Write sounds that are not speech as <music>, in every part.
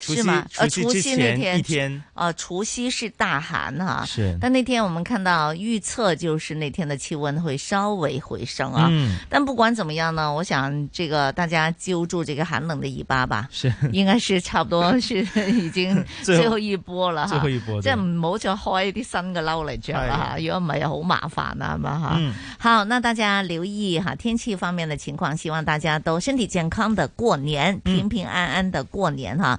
是嗎？呃，除夕那天，呃，除夕是大寒哈。是。但那天我們看到預測，就是那天的氣溫會稍微回升啊。嗯。但不管怎麼樣呢，我想這個大家揪住這個寒冷的尾巴吧。是。應該是差不多是已經最後一波了哈。 <laughs> 最後，最後一波。即係唔好再開啲新嘅褸嚟着啊！如果唔係，好麻煩啊嘛哈。嗯。好，那大家留意哈天氣方面的情況，希望大家都身體健康的過年，嗯、平平安安的過年哈。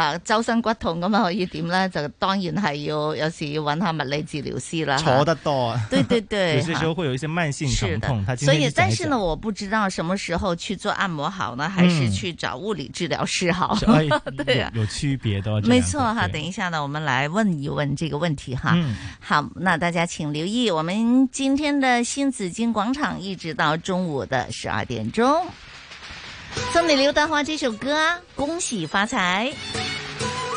啊，周身骨痛咁啊，可以點呢？就、這個、當然係要有時要揾下物理治療師啦。坐、啊、得多啊，對對對， <laughs> 有些時候會有一些慢性痛。所以講講，但是呢，我不知道什麼時候去做按摩好呢，還是去找物理治療師好？嗯、 <laughs> 對啊有，有區別的，的沒錯哈、啊。等一下呢，我們來問一問這個問題哈、啊嗯。好，那大家請留意，我們今天的新紫荊廣場一直到中午的十二點鐘，送你劉德華這首歌，恭喜發財。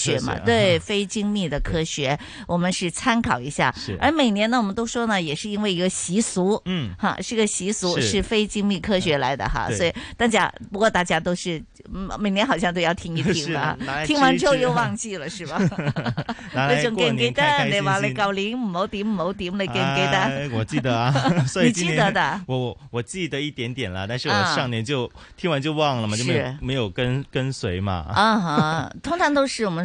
學嘛、嗯，對，非精密的科學，我們是參考一下。而每年呢，我們都說呢，也是因為一個習俗，嗯，哈，是個習俗，是，是非精密科學來的哈、嗯。所以大家，不過大家都是每年好像都要聽一聽吧、啊，聽完之後又忘記了是，是吧？你仲記唔記得？你話你舊年唔好點唔好點，你記唔記得？我記得、啊， <laughs> 所以今年我 <laughs> 你記得的我，我記得一點點了，但是我上年就、啊、聽完就忘了嘛，就沒有沒有跟跟隨嘛。啊哈， <laughs> 通常都是我們。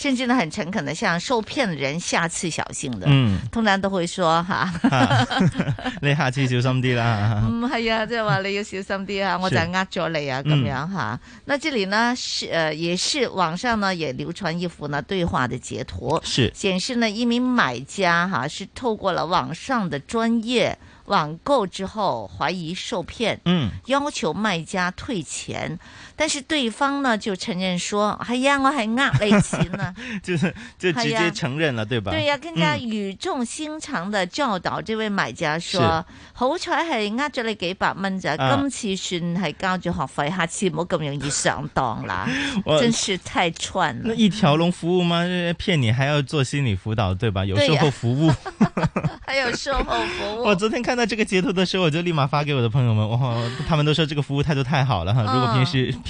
甚至呢，很誠懇的，像受騙的人，下次小心的。嗯，通常都會說哈，哈 <laughs> 你下次小心點啦。嗯，係 <laughs> 啊，即係話你要小心啲啊，我就呃咗你啊，咁樣哈。那這裏呢是呃也是網上呢也流傳一幅呢對話的截圖，是顯示呢一名買家哈是透過了網上的專業網購之後懷疑受騙，嗯，要求賣家退錢。但是對方呢就承認說，哎 <laughs> 呀，我還啊賠錢了，就是就直接承認了， <laughs> 對吧？對呀、啊嗯，更加語重心長的教導這位買家說：“好彩係呃咗你幾百蚊咋、啊，今次算係交咗學費，下次唔好咁容易上當啦。我”真是太串了，那一條龍服務嗎？騙你還要做心理輔導，對吧？有售後服務呀，啊、 <laughs> <laughs> 還有售後服務。 <laughs> 我昨天看到這個截圖的時候，我就立馬發給我的朋友們，哇、哦哦，他們都說這個服務態度太好了哈。 <laughs> 如果平時。嗯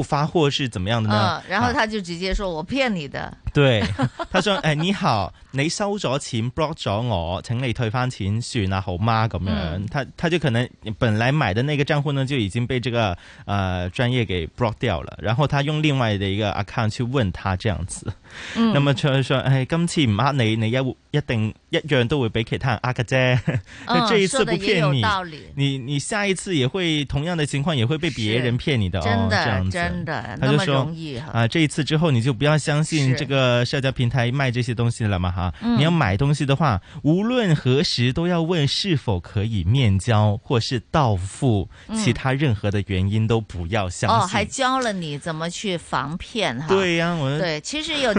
不發貨是怎麼樣的呢？嗯、然後他就直接說：“我騙你的。”對，他說：“哎，你好，你收咗錢，block 咗我，請你退翻錢、啊，算啦好嗎？咁樣？嗯、他他就可能本來買的那個賬戶呢，就已經被這個呃專業給 block 掉了，然後他用另外的一個 account 去問他這樣子。嗯、那麼常說，哎，今次唔呃你，你要，一定一樣都會俾其他人啊，呃嘅啫，哦、這一次不騙你也有道理。你你下一次也會同樣的情況，也會被別人騙你的哦。真的這樣子真的，他就說，啊，這一次之後你就不要相信這個社交平台賣這些東西了嘛，哈、嗯。你要買東西的話，無論何時都要問是否可以面交或是到付、嗯，其他任何的原因都不要相信。哦，還教了你怎麼去防騙哈。對呀、啊，我，對，其實有。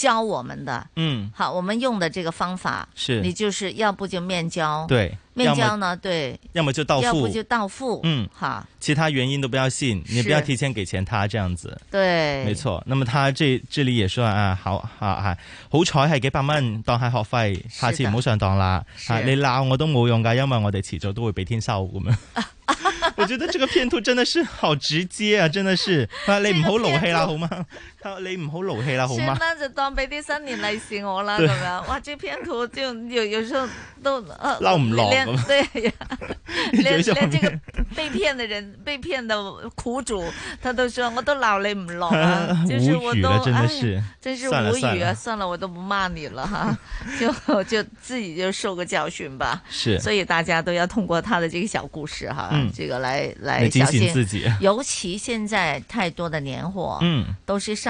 教我們的，嗯，好，我們用的這個方法，是你就是要不就面交，對，面交呢，對，要麼就到付，要不就到付，嗯，哈，其他原因都不要信，你不要提前給錢他這樣子，對，沒錯。那麼他這這裡也說啊，好好好，好彩係幾百蚊當係學費，下次唔好上當啦，啊，你鬧我都冇用噶，因為我哋遲早都會俾天收咁樣。 <laughs> <laughs> <laughs> <laughs> 我覺得這個騙徒真的是好直接啊，真的是，啊， <laughs> 你唔好勞氣啦，好嗎？這個你唔好勞氣啦，好啦，就當俾啲新年利是我啦，咁樣。哇！這篇圖，就人有有時候都鬧唔落咁。連 <laughs> 連 <laughs> 連這個被騙的人、 <laughs> 被騙的苦主，他都說：我都鬧你唔落啊，啊！就是我都是唉，真是無語啊。算了，算了，算了我都不罵你了哈， <laughs> 就就自己就受個教訓吧。是。所以大家都要通過他的這個小故事哈、嗯，這個來來小心自己。尤其現在太多的年貨，嗯，都是上。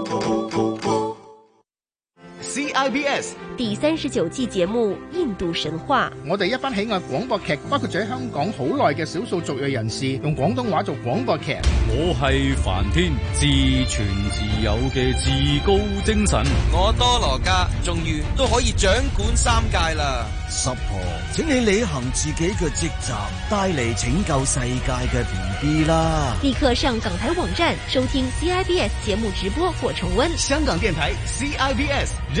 CIBS 第三十九季節目《印度神話》，我哋一班喜愛廣播劇，包括咗香港好耐嘅少數族裔人士，用廣東話做廣播劇。我係梵天，自存自有嘅至高精神。我多羅家終於都可以掌管三界啦！十婆，請你履行自己嘅職責，帶嚟拯救世界嘅 B B 啦！立刻上港台網站收聽 CIBS 節目直播或重溫。香港電台 CIBS。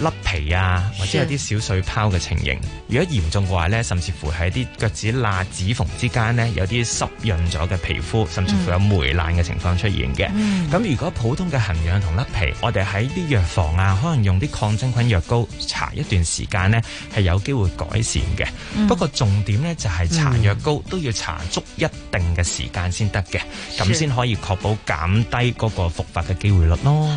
甩皮啊，或者有啲小水泡嘅情形。如果嚴重嘅話呢，甚至乎喺啲腳趾罅、指縫之間呢，有啲濕潤咗嘅皮膚，甚至乎有霉爛嘅情況出現嘅。咁、嗯、如果普通嘅痕癢同甩皮，我哋喺啲藥房啊，可能用啲抗真菌藥膏搽一段時間呢，係有機會改善嘅、嗯。不過重點呢、嗯，就係搽藥膏都要搽足一定嘅時間先得嘅，咁先可以確保減低嗰個復發嘅機會率咯。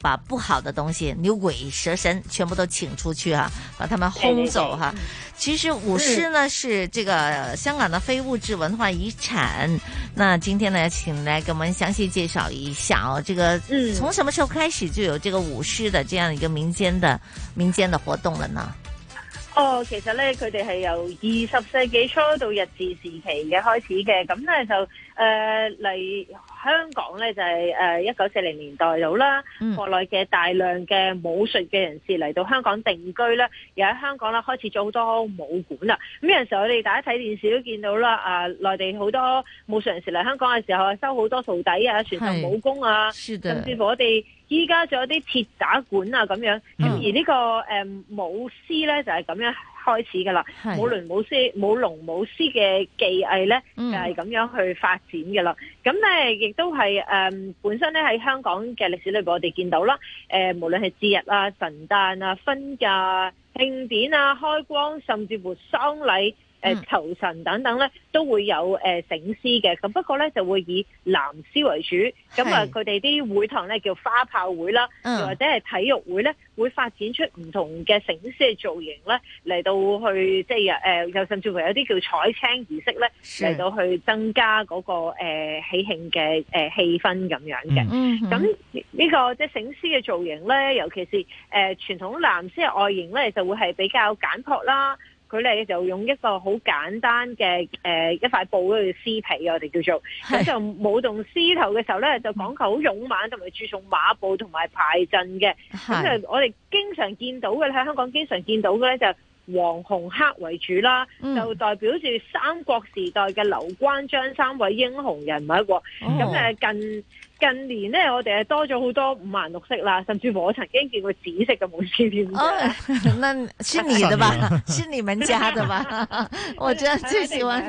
把不好的東西，牛鬼蛇神全部都請出去啊！把他們轟走哈、啊嗯！其實舞獅呢是這個香港的非物質文化遺產、嗯。那今天呢，請來給我們詳細介紹一下哦，這個從什麼時候開始就有這個舞獅的這樣一個民間的民間的活動了呢？哦，其實呢，佢哋係由二十世紀初到日治時期嘅開始嘅，咁呢，就誒嚟。香港咧就係誒一九四零年代到啦，國內嘅大量嘅武術嘅人士嚟到香港定居啦，又喺香港咧開始做好多武館啦。咁有陣時我哋大家睇電視都見到啦，啊、呃，內地好多武術人士嚟香港嘅時候收好多徒弟啊，傳授武功啊，是的，甚至乎我哋依家仲有啲鐵打館啊咁樣。咁而呢、呢個誒、呃、武師咧就係、是、咁樣。開始噶啦，舞麟舞獅舞龍舞獅嘅技藝咧，就係咁樣去發展噶啦。咁咧亦都係誒，本身咧喺香港嘅歷史裏邊，我哋見到啦，誒，無論係節日啊、神誕啊、婚嫁、慶典啊、開光，甚至乎喪禮。誒、嗯呃，求神等等咧，都會有誒醒獅嘅，咁、呃、不過咧就會以南獅為主，咁啊佢哋啲會堂咧叫花炮會啦，又、嗯、或者係體育會咧，會發展出唔同嘅醒獅嘅造型咧，嚟到去即係誒，又、呃、甚至乎有啲叫彩青儀式咧，嚟到去增加嗰、那個誒、呃、喜慶嘅誒、呃、氣氛咁樣嘅。咁、嗯、呢、這個即係醒獅嘅造型咧，尤其是誒、呃、傳統南獅嘅外形咧，就會係比較簡樸啦。佢哋就用一個好簡單嘅，誒、呃，一塊布嗰撕獅皮，我哋叫做咁就舞動獅頭嘅時候咧，就講求好勇猛，同埋注重馬步同埋排陣嘅。咁就我哋經常見到嘅喺香港經常見到嘅咧就。黃、紅、黑為主啦，就代表住三國時代嘅劉關張三位英雄人物。咁誒，近近年咧，我哋係多咗好多五顏六色啦，甚至我曾經見過紫色嘅武士添。哦，那是你的吧，是你們家的吧， <laughs> <laughs> <laughs> 我真係最喜歡。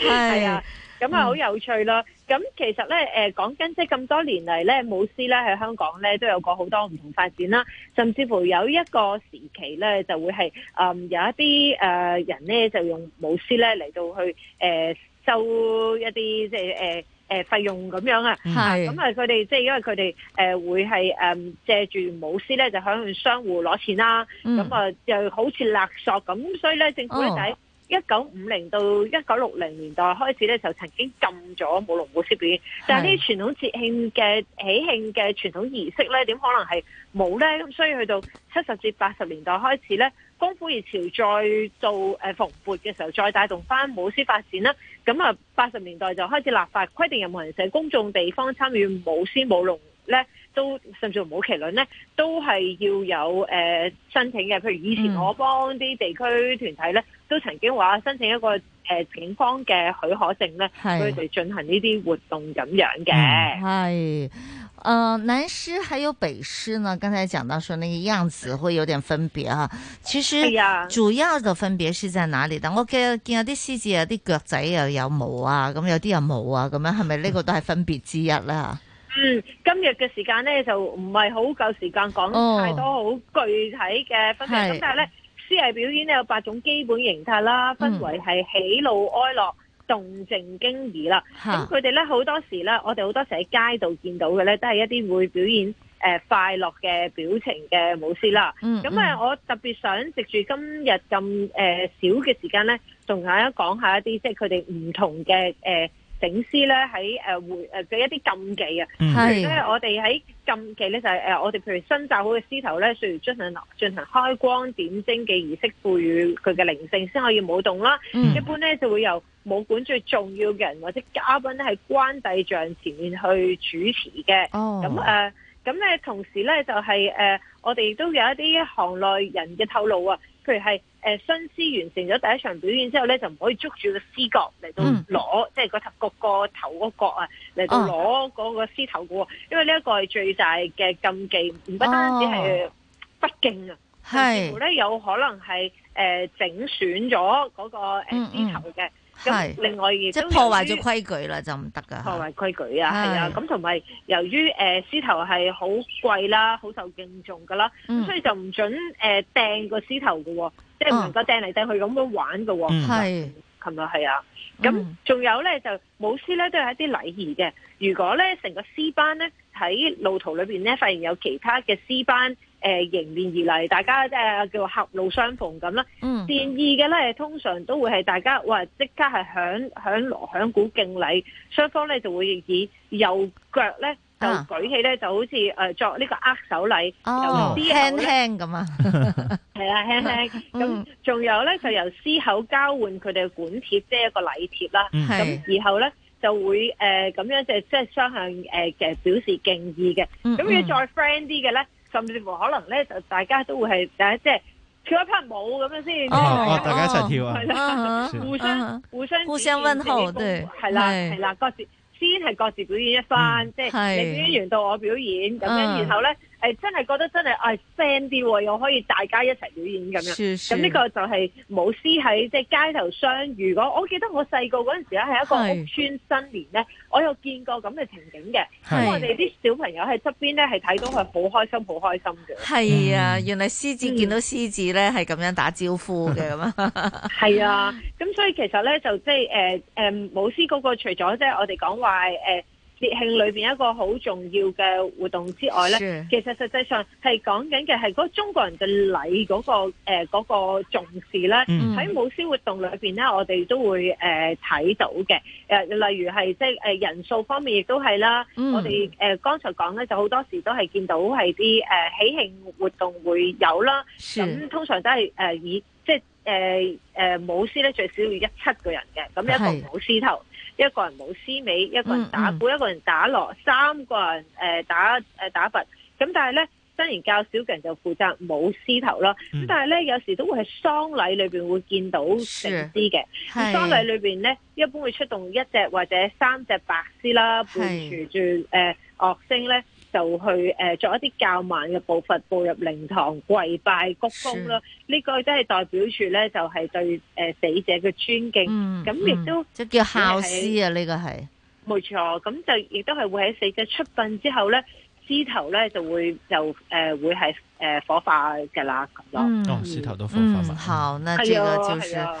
是 <laughs> <laughs> 哎呀！ <laughs> 咁啊，好有趣咯！咁其實咧，誒講緊即係咁多年嚟咧，舞獅咧喺香港咧都有過好多唔同發展啦。甚至乎有一個時期咧，就會係誒有一啲誒人咧就用舞獅咧嚟到去誒收一啲即係誒誒費用咁樣啊。係。咁啊，佢哋即係因為佢哋誒會係誒借住舞獅咧，就向商戶攞錢啦。嗯。咁啊，就好似勒索咁，所以咧政府咧第一。一九五零到一九六零年代開始咧，就曾經禁咗舞龍舞獅表演，但係呢啲傳統節慶嘅喜慶嘅傳統儀式咧，點可能係冇咧？咁所以去到七十至八十年代開始咧，功夫熱潮再做誒蓬勃嘅時候，再帶動翻舞獅發展啦。咁啊，八十年代就開始立法規定任何人喺公眾地方參與舞獅舞龍咧。都甚至冇麒麟咧，都係要有誒、呃、申請嘅。譬如以前我幫啲地區團體咧、嗯，都曾經話申請一個誒、呃、警方嘅許可證咧，佢哋進行呢啲活動咁樣嘅。係誒，南獅還有北獅呢？剛才講到說，那個樣子會有點分別啊。其實主要的分別是在哪裏但，、啊、我見見有啲獅子啲腳仔又有毛啊，咁有啲又冇啊，咁樣係咪呢個都係分別之一啦？嗯嗯，今日嘅時間咧就唔係好夠時間講太多好具體嘅分析。咁、oh. 但係咧，獅藝表演咧有八種基本形態啦，分為係喜怒哀樂、mm. 動靜驚異啦。咁佢哋咧好多時咧，我哋好多時喺街度見到嘅咧，都係一啲會表演誒、呃、快樂嘅表情嘅舞獅啦。咁、mm-hmm. 嗯、我特別想藉住今日咁誒少嘅時間咧，仲想講下一啲即係佢哋唔同嘅誒。呃醒獅咧喺誒會嘅、啊、一啲禁忌、mm. 禁忌就是、啊，即係我哋喺禁忌咧就係我哋譬如新紮好嘅獅頭咧，需要進行進行開光點睛嘅儀式，賦予佢嘅靈性先可以舞動啦。Mm. 一般咧就會由武館最重要嘅人或者嘉賓咧喺關帝像前面去主持嘅。咁誒咁咧，同時咧就係、是、誒、啊、我哋都有一啲行內人嘅透露啊。譬如係新獅完成咗第一場表演之後咧，就唔可以捉住個獅角嚟到攞、嗯，即係嗰頭個、嗰個頭嗰角啊嚟到攞嗰個獅頭嘅喎、哦，因為呢一個係最大嘅禁忌，唔不單止係不敬啊，甚至乎咧有可能係誒、呃、整損咗嗰個誒獅頭嘅。嗯嗯。咁另外亦即破壞咗規矩、呃、啦，就唔得噶。破壞規矩啊，係啊。咁同埋由於誒獅頭係好貴啦，好受敬重噶啦、嗯，所以就唔准誒掟、呃、個獅頭噶、喔，即係唔能夠掟嚟掟去咁樣玩噶、喔。係、嗯，係咪係啊？咁、嗯、仲有咧，就舞獅咧，都係一啲禮儀嘅。如果咧成個獅班咧喺路途裏邊咧發現有其他嘅獅班。誒、呃，迎面而嚟，大家誒、呃、叫做合路相逢咁啦。嗯，善意嘅咧，通常都會係大家話即、呃、刻係響響鑼響鼓敬禮，雙方咧就會以右腳咧就舉起咧，就好似誒、呃、作呢個握手禮，有啲輕輕咁啊，係啦，輕輕咁。仲、 <laughs> 啊嗯、有咧就由司口交換佢哋管帖，即係一個禮帖啦。咁、嗯、然後咧就會誒咁、呃、樣即即係雙向誒嘅、呃、表示敬意嘅。咁、嗯、要、嗯、再 friend 啲嘅咧。甚至乎可能咧，就大家都會係誒，即係跳一拍舞咁樣先，大家一齊跳啊，oh, oh, uh-huh, 互相、uh-huh, 互相互相問候，係、uh-huh, 啦係啦，對啦對，各自先係各自表演一番，嗯、即係你表演完到我表演，咁、uh-huh, 樣然後咧。誒、哎，真係覺得真係誒 friend 啲喎，又可以大家一齊表演咁樣，咁呢個就係舞獅喺即係街頭相遇。我我記得我細個嗰陣時咧係一個屋村新年咧，我有見過咁嘅情景嘅。咁我哋啲小朋友喺側邊咧係睇到佢好開心，好開心嘅。係啊、嗯，原來獅子見到獅子咧係咁樣打招呼嘅咁 <laughs> <laughs> 啊。係啊，咁所以其實咧就即係誒誒舞獅嗰個除咗即係我哋講話誒。呃節慶裏邊一個好重要嘅活動之外咧，其實實際上係講緊嘅係嗰中國人嘅禮嗰個誒、呃那個、重視咧，喺舞獅活動裏邊咧，我哋都會誒睇、呃、到嘅。誒、呃、例如係即係誒人數方面亦都係啦，嗯、我哋誒剛才講咧就好多時都係見到係啲誒喜慶活動會有啦。咁通常都係誒、呃、以即係誒誒舞獅咧最少要一七個人嘅，咁一個舞獅頭。一個人舞獅尾，一個人打鼓，嗯嗯、一個人打鑼，三個人誒、呃、打誒打鈸。咁但係咧，身形較少嘅人就負責舞獅頭囉。咁、嗯、但係咧，有時都會喺喪禮裏邊會見到成獅嘅。咁喪禮裏邊咧，一般會出動一隻或者三隻白獅啦，伴隨住誒樂聲呢，咧，就去誒，作、呃、一啲較慢嘅步伐步入靈堂跪拜鞠躬啦，呢、這個都係代表住咧，就係對誒死者嘅尊敬。咁、嗯、亦都即、嗯、叫孝思啊，呢、這個係冇錯。咁就亦都係會喺死者出殯之後咧，屍頭咧就會就誒、呃、會係誒火化嘅啦咁樣。屍頭都火化。嗯，好嗯，那這個就是。是啊是啊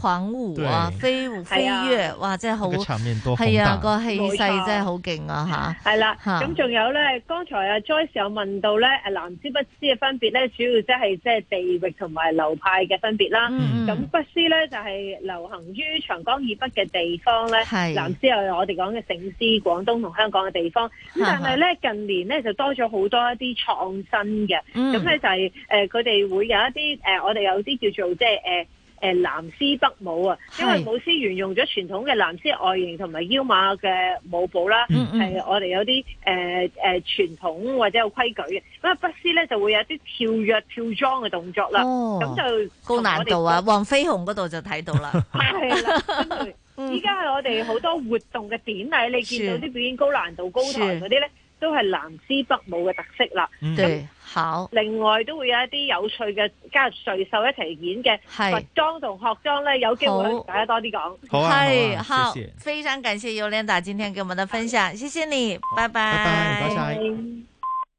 狂舞啊，飛舞飛躍，哇、啊啊！真係好，係、那個、啊，個氣勢真係好勁啊！吓，係、啊、啦，咁仲、啊、有咧，剛才阿 Joyce 有問到咧，誒，南獅北獅嘅分別咧，主要即係即係地域同埋流派嘅分別啦。咁北獅咧就係、是、流行於長江以北嘅地方咧，南獅係我哋講嘅醒獅，廣東同香港嘅地方。咁、啊、但係咧，近年咧就多咗好多一啲創新嘅。咁、嗯、咧就係、是、誒，佢、呃、哋會有一啲誒、呃，我哋有啲叫做即係誒。呃誒、呃，南獅北舞啊，因為舞獅沿用咗傳統嘅南獅外形同埋腰馬嘅舞步啦，係我哋有啲誒誒傳統或者有規矩嘅，咁啊北獅咧就會有啲跳躍跳樁嘅動作啦，咁、哦、就高難度啊！黃飛鴻嗰度就睇到啦，係 <laughs> 啦，依家係我哋好多活動嘅典禮，你見到啲表演高難度高台嗰啲咧，都係南獅北舞嘅特色啦，嗯好，另外都會有一啲有趣嘅加入稅收一齊演嘅服裝同學裝呢，有機會大家多啲講。好、啊，係、啊，非常感謝尤琳達今天給我們的分享，謝謝你，拜拜。拜拜，好、哎、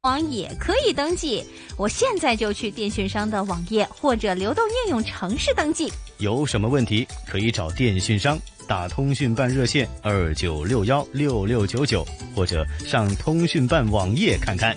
網也可以登記，我現在就去電訊商的網頁或者流動應用程式登記。有什麼問題可以找電訊商打通訊辦熱線二九六幺六六九九，或者上通訊辦網頁看看。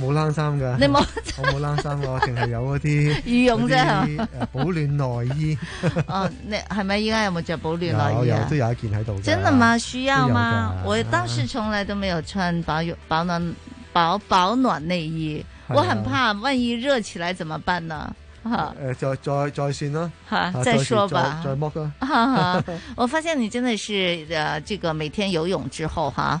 冇冷衫噶，你冇，我冇冷衫咯，淨 <laughs> 係有嗰啲羽絨啫， <laughs> <laughs> 保暖內衣。 <laughs> 哦，你係咪依家有冇着保暖內衣 <laughs> 有？有，都有一件喺度。真的嗎？需要嗎？我當時從來都沒有穿保暖、啊、保暖保保暖內衣，我很怕萬一熱起來怎麼辦呢？誒、啊 <laughs> 呃，再再再算啦，再說吧，再剝啦 <laughs> 我發現你真的是，誒，這個每天游泳之後，哈。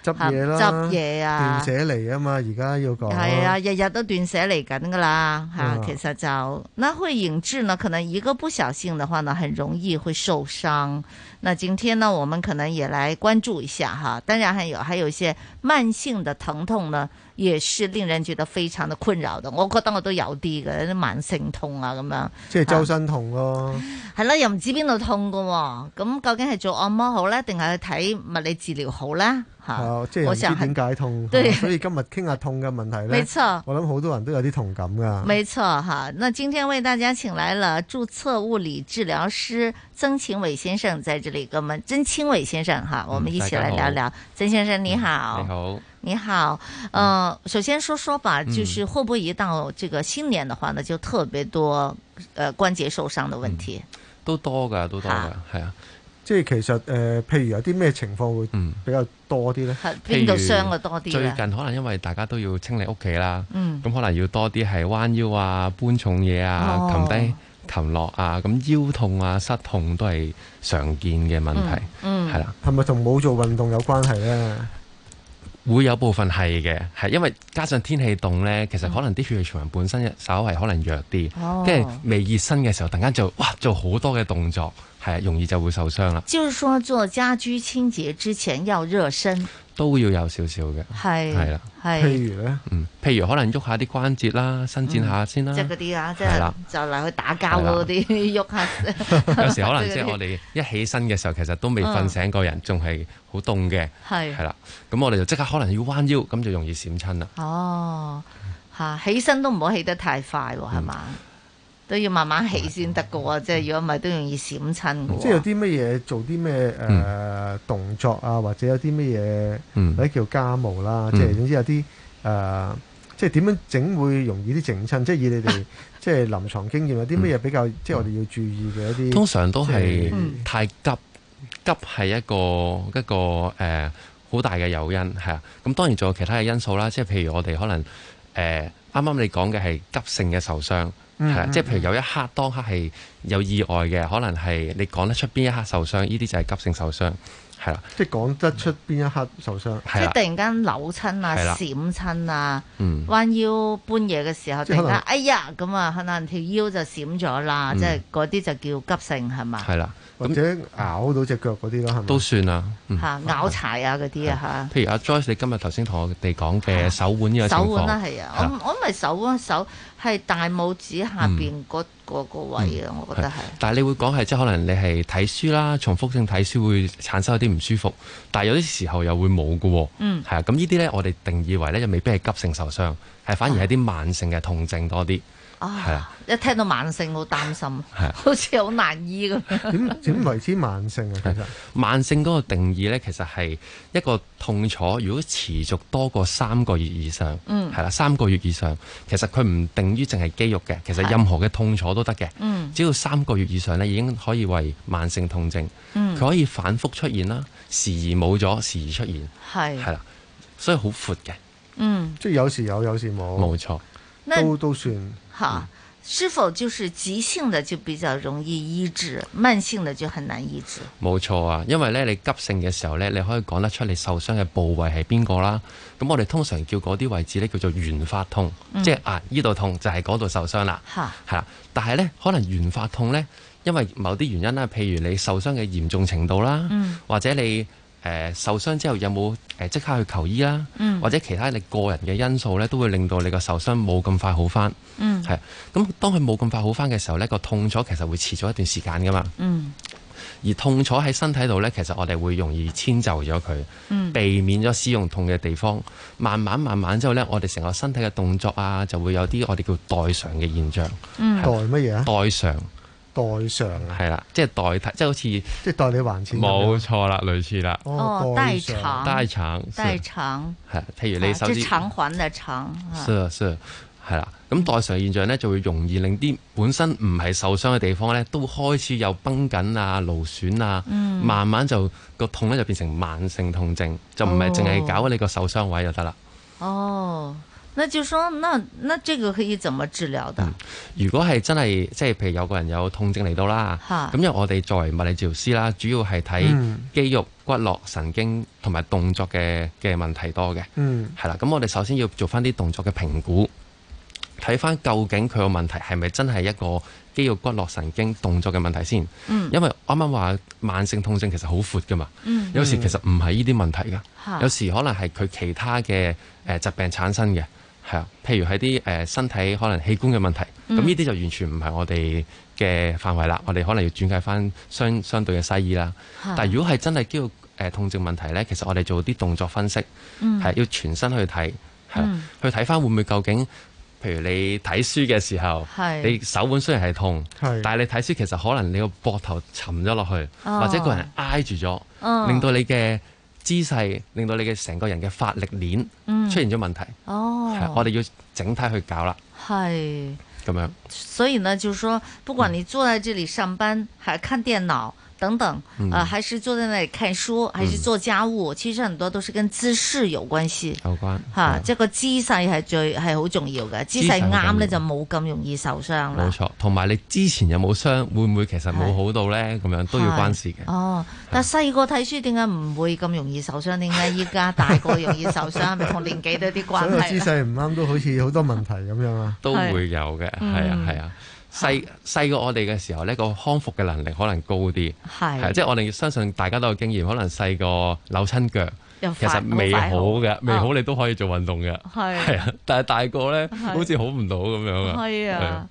執嘢咯，執嘢啊！斷捨離啊嘛，而家要講係啊，日日都斷捨離緊噶啦吓。其實就那去旋轉啊，可能一個不小心嘅話呢，很容易會受傷。那今天呢，我們可能也來關注一下哈。當然還有還有一些慢性的疼痛呢，也是令人覺得非常的困擾的。我覺得我都有啲嘅慢性痛啊，咁樣即係周身痛咯。係、啊、 <laughs> 啦，又唔知邊度痛噶、啊，咁究竟係做按摩好咧，定係去睇物理治療好咧？好這係唔知點解痛對，嗯，所以今日傾下痛嘅問題呢。沒錯，我諗好多人都有啲同感噶沒錯，哈，那今天為大家請來了注冊物理治療師曾清偉先生在這裡，跟我們曾清偉先生，哈，我們一起來聊聊。嗯、曾先生你好，你好。你好。你好，嗯、呃、首先說說吧，就是會不會一到這個新年的話呢，就特別多，呃，關節受傷的問題。嗯，都多㗎，都多㗎，係啊。即係其實誒、呃，譬如有啲咩情況會比較多啲咧？邊、嗯、度傷嘅多啲。最近可能因為大家都要清理屋企啦，咁、嗯、可能要多啲係彎腰啊、搬重嘢啊、擒、哦、低、擒落啊，咁腰痛啊、膝痛都係常見嘅問題，係、嗯、啦。係咪同冇做運動有關係咧？會有部分係嘅，係因為加上天氣凍咧，其實可能啲血液循環本身稍微可能弱啲，哦，跟住未熱身嘅時候，突然間就哇做好多嘅動作，係容易就會受傷啦。就是說，做家居清潔之前要熱身。都要有少少嘅，係，係，譬如咧，嗯，譬如可能喐下啲關節啦，伸展下先啦，即係嗰啲啊，即係就嚟去打交嗰啲喐下。 <laughs> 有時可能、就係、即係我哋一起身嘅時候，其實都未瞓醒，個人仲係好凍嘅，係，係啦，咁我哋就即刻可能要彎腰，咁就容易閃親啦。哦，嚇、啊，起身都唔好起得太快喎，係、嗯、嘛？是吧。都要慢慢起先得㗎，即係如果唔係都容易閃親㗎。即係有啲咩嘢做啲咩誒動作啊，或者有啲咩嘢或者叫家務啦，即係總之有啲誒，即係點樣整會容易啲整親？即係以你哋即係臨床經驗，有啲咩嘢比較即係我哋要注意嘅一啲？通常都係太急，急係一個一個誒好大嘅誘因係啊。咁當然仲有其他嘅因素啦，即係譬如我哋可能誒啱啱你講嘅係急性嘅受傷。係啦，即係譬如有一刻當刻係有意外嘅，可能係你講得出邊一刻受傷，呢啲就係急性受傷，係啦。即係講得出邊一刻受傷，即係突然間扭親啊、閃親啊、嗯、彎腰搬嘢嘅時候突然間哎呀咁啊，可能條腰就閃咗啦，即係嗰啲就叫急性係嘛？係啦，或者咬到隻腳嗰啲咯，都算啦，吓、嗯、咬柴啊嗰啲啊吓。譬如阿 Joyce，你今日頭先同我哋講嘅手腕呢個情況。手腕啦，係啊，是是我我咪手腕手。係大拇指下邊嗰嗰個位啊、嗯嗯，我覺得係。但係你會講係，即係可能你係睇書啦，重複性睇書會產生一啲唔舒服，但係有啲時候又會冇噶。嗯，係啊，咁呢啲咧，我哋定義為咧，又未必係急性受傷，係反而係啲慢性嘅痛症多啲。嗯嗯。係啊、哦！一聽到慢性好擔心，是的 好似好難醫咁。點點為之慢性啊？係其實慢性嗰個定義呢，其實係一個痛楚，如果持續多過三個月以上，係啦、嗯，三個月以上，其實佢唔定於淨係肌肉嘅，其實任何嘅痛楚都得嘅，只要三個月以上呢，已經可以為慢性痛症。佢、嗯、可以反覆出現啦，時而冇咗，時而出現，係啦是的，所以好闊嘅，嗯、即係有時有，有時冇，冇錯，但 都都算。吓，是否就是急性的就比較容易醫治，慢性的就很難醫治？冇錯啊，因為咧你急性嘅時候咧，你可以講得出你受傷嘅部位係邊個啦。咁我哋通常叫嗰啲位置咧叫做原發痛，嗯、即係啊呢度痛就係嗰度受傷啦。吓，係啦。但係咧可能原發痛咧，因為某啲原因啦，譬如你受傷嘅嚴重程度啦、嗯，或者你。誒、呃、受傷之後有冇誒即刻去求醫啦、啊？嗯，或者其他你個人嘅因素咧，都會令到你個受傷冇咁快好翻。嗯，係。咁當佢冇咁快好翻嘅時候咧，個痛楚其實會遲咗一段時間噶嘛。嗯。而痛楚喺身體度咧，其實我哋會容易遷就咗佢，嗯、避免咗使用痛嘅地方。慢慢慢慢之後咧，我哋成個身體嘅動作啊，就會有啲我哋叫代償嘅現象。嗯、代乜嘢啊？代償。代償係啦，即係代替，即係好似即係代你還錢，冇錯啦，類似啦，哦，代償，代償，代償，係，譬如你首先償還的償，sure 係啦，咁、嗯、代償現象呢，就會容易令啲本身唔係受傷嘅地方呢，都開始有繃緊啊、勞損啊，嗯、慢慢就個痛呢，就變成慢性痛症，嗯、就唔係淨係搞你個受傷位就得啦。哦。那就說，那那這個可以怎麼治療的，嗯。如果係真係，即係譬如有個人有痛症嚟到啦，咁、啊、因為我哋作為物理治療師啦，主要係睇肌肉、骨骼、神經同埋動作嘅嘅問題多嘅，係、嗯、啦。咁我哋首先要做翻啲動作嘅評估，睇翻究竟佢個問題係咪真係一個肌肉、骨骼、神經、動作嘅問題先、嗯。因為啱啱話慢性痛症其實好闊噶嘛，嗯，有時其實唔係呢啲問題噶、啊，有時可能係佢其他嘅誒、呃、疾病產生嘅。譬如喺啲誒身體可能器官嘅問題，咁呢啲就完全唔係我哋嘅範圍啦。我哋可能要轉介翻相相對嘅西醫啦。但係如果係真係肌肉誒痛症問題呢，其實我哋做啲動作分析，係、嗯、要全身去睇，係、嗯、去睇翻會唔會究竟，譬如你睇書嘅時候，你手腕雖然係痛，是但係你睇書其實可能你個膊頭沉咗落去、哦，或者個人挨住咗、哦，令到你嘅。姿勢令到你嘅成個人嘅發力鏈出現咗問題，嗯哦、我哋要整體去搞啦。係咁樣，所以呢，就是說不管你坐在這裏上班，嗯、還看電腦。等等，啊，還是坐在那裏看書，還是做家務，其實很多都是跟姿勢有關係，有關，哈，即個姿勢係最係好重要嘅，姿勢啱咧就冇咁容易受傷。冇錯，同埋你之前有冇傷，會唔會其實冇好到咧？咁樣都要關事嘅。哦，但細個睇書點解唔會咁容易受傷？點解依家大個容易受傷？係咪同年紀都有啲關係？姿勢唔啱都好似好多問題咁樣啊，都會有嘅，係啊，係啊。細細個我哋嘅時候呢個康復嘅能力可能高啲，係即係我哋相信大家都有經驗，可能細個扭親腳，其實未好嘅，未好、哦、未好你都可以做運動嘅，係係但係大個咧，好似好唔到咁樣啊。係啊，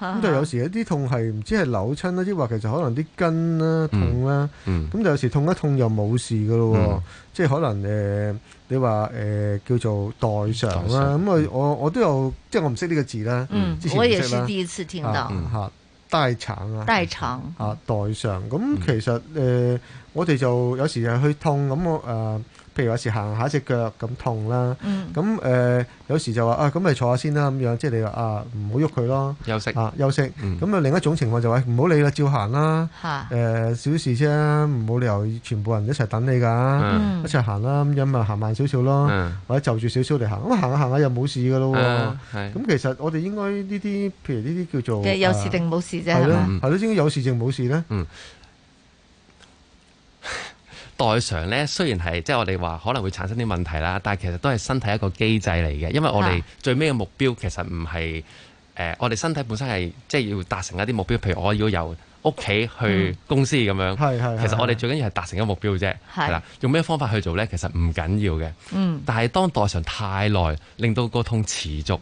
咁就有時一啲痛係唔知係扭親啦，抑或者其實可能啲筋啦痛啦，咁、嗯嗯、就有時痛一痛又冇事噶咯，即係、嗯、可能誒。呃你話誒、呃、叫做代償啦，咁啊我我都有，即係我唔識呢個字啦。嗯，我也是第一次聽到吓，代償啊，代償啊代償。咁、嗯嗯嗯、其實誒、呃、我哋就有時係去痛咁我誒。嗯呃譬如有時行下一隻腳咁痛啦，咁、嗯、誒、呃、有時就話啊，咁咪坐下先啦咁樣，即係你話啊唔好喐佢咯，休息啊休息。咁、嗯、啊另一種情況就話唔好理啦，照行啦、啊啊呃。小事啫，冇理由全部人一齊等你噶、嗯，一齊行啦咁，咁啊行慢少少咯，或者就住少少嚟行。咁行下行下又冇事噶咯喎。咁、啊、其實我哋應該呢啲譬如呢啲叫做有事定冇事啫，係、啊、嘛？係咯，應該、嗯、有事定冇事咧。嗯嗯代償咧，雖然係即係我哋話可能會產生啲問題啦，但係其實都係身體一個機制嚟嘅。因為我哋最尾嘅目標其實唔係誒，我哋身體本身係即係要達成一啲目標，譬如我要由屋企去公司咁樣、嗯。其實我哋最緊要係達成一個目標啫。係啦，用咩方法去做咧？其實唔緊要嘅。嗯。但係當代償太耐，令到個痛持續，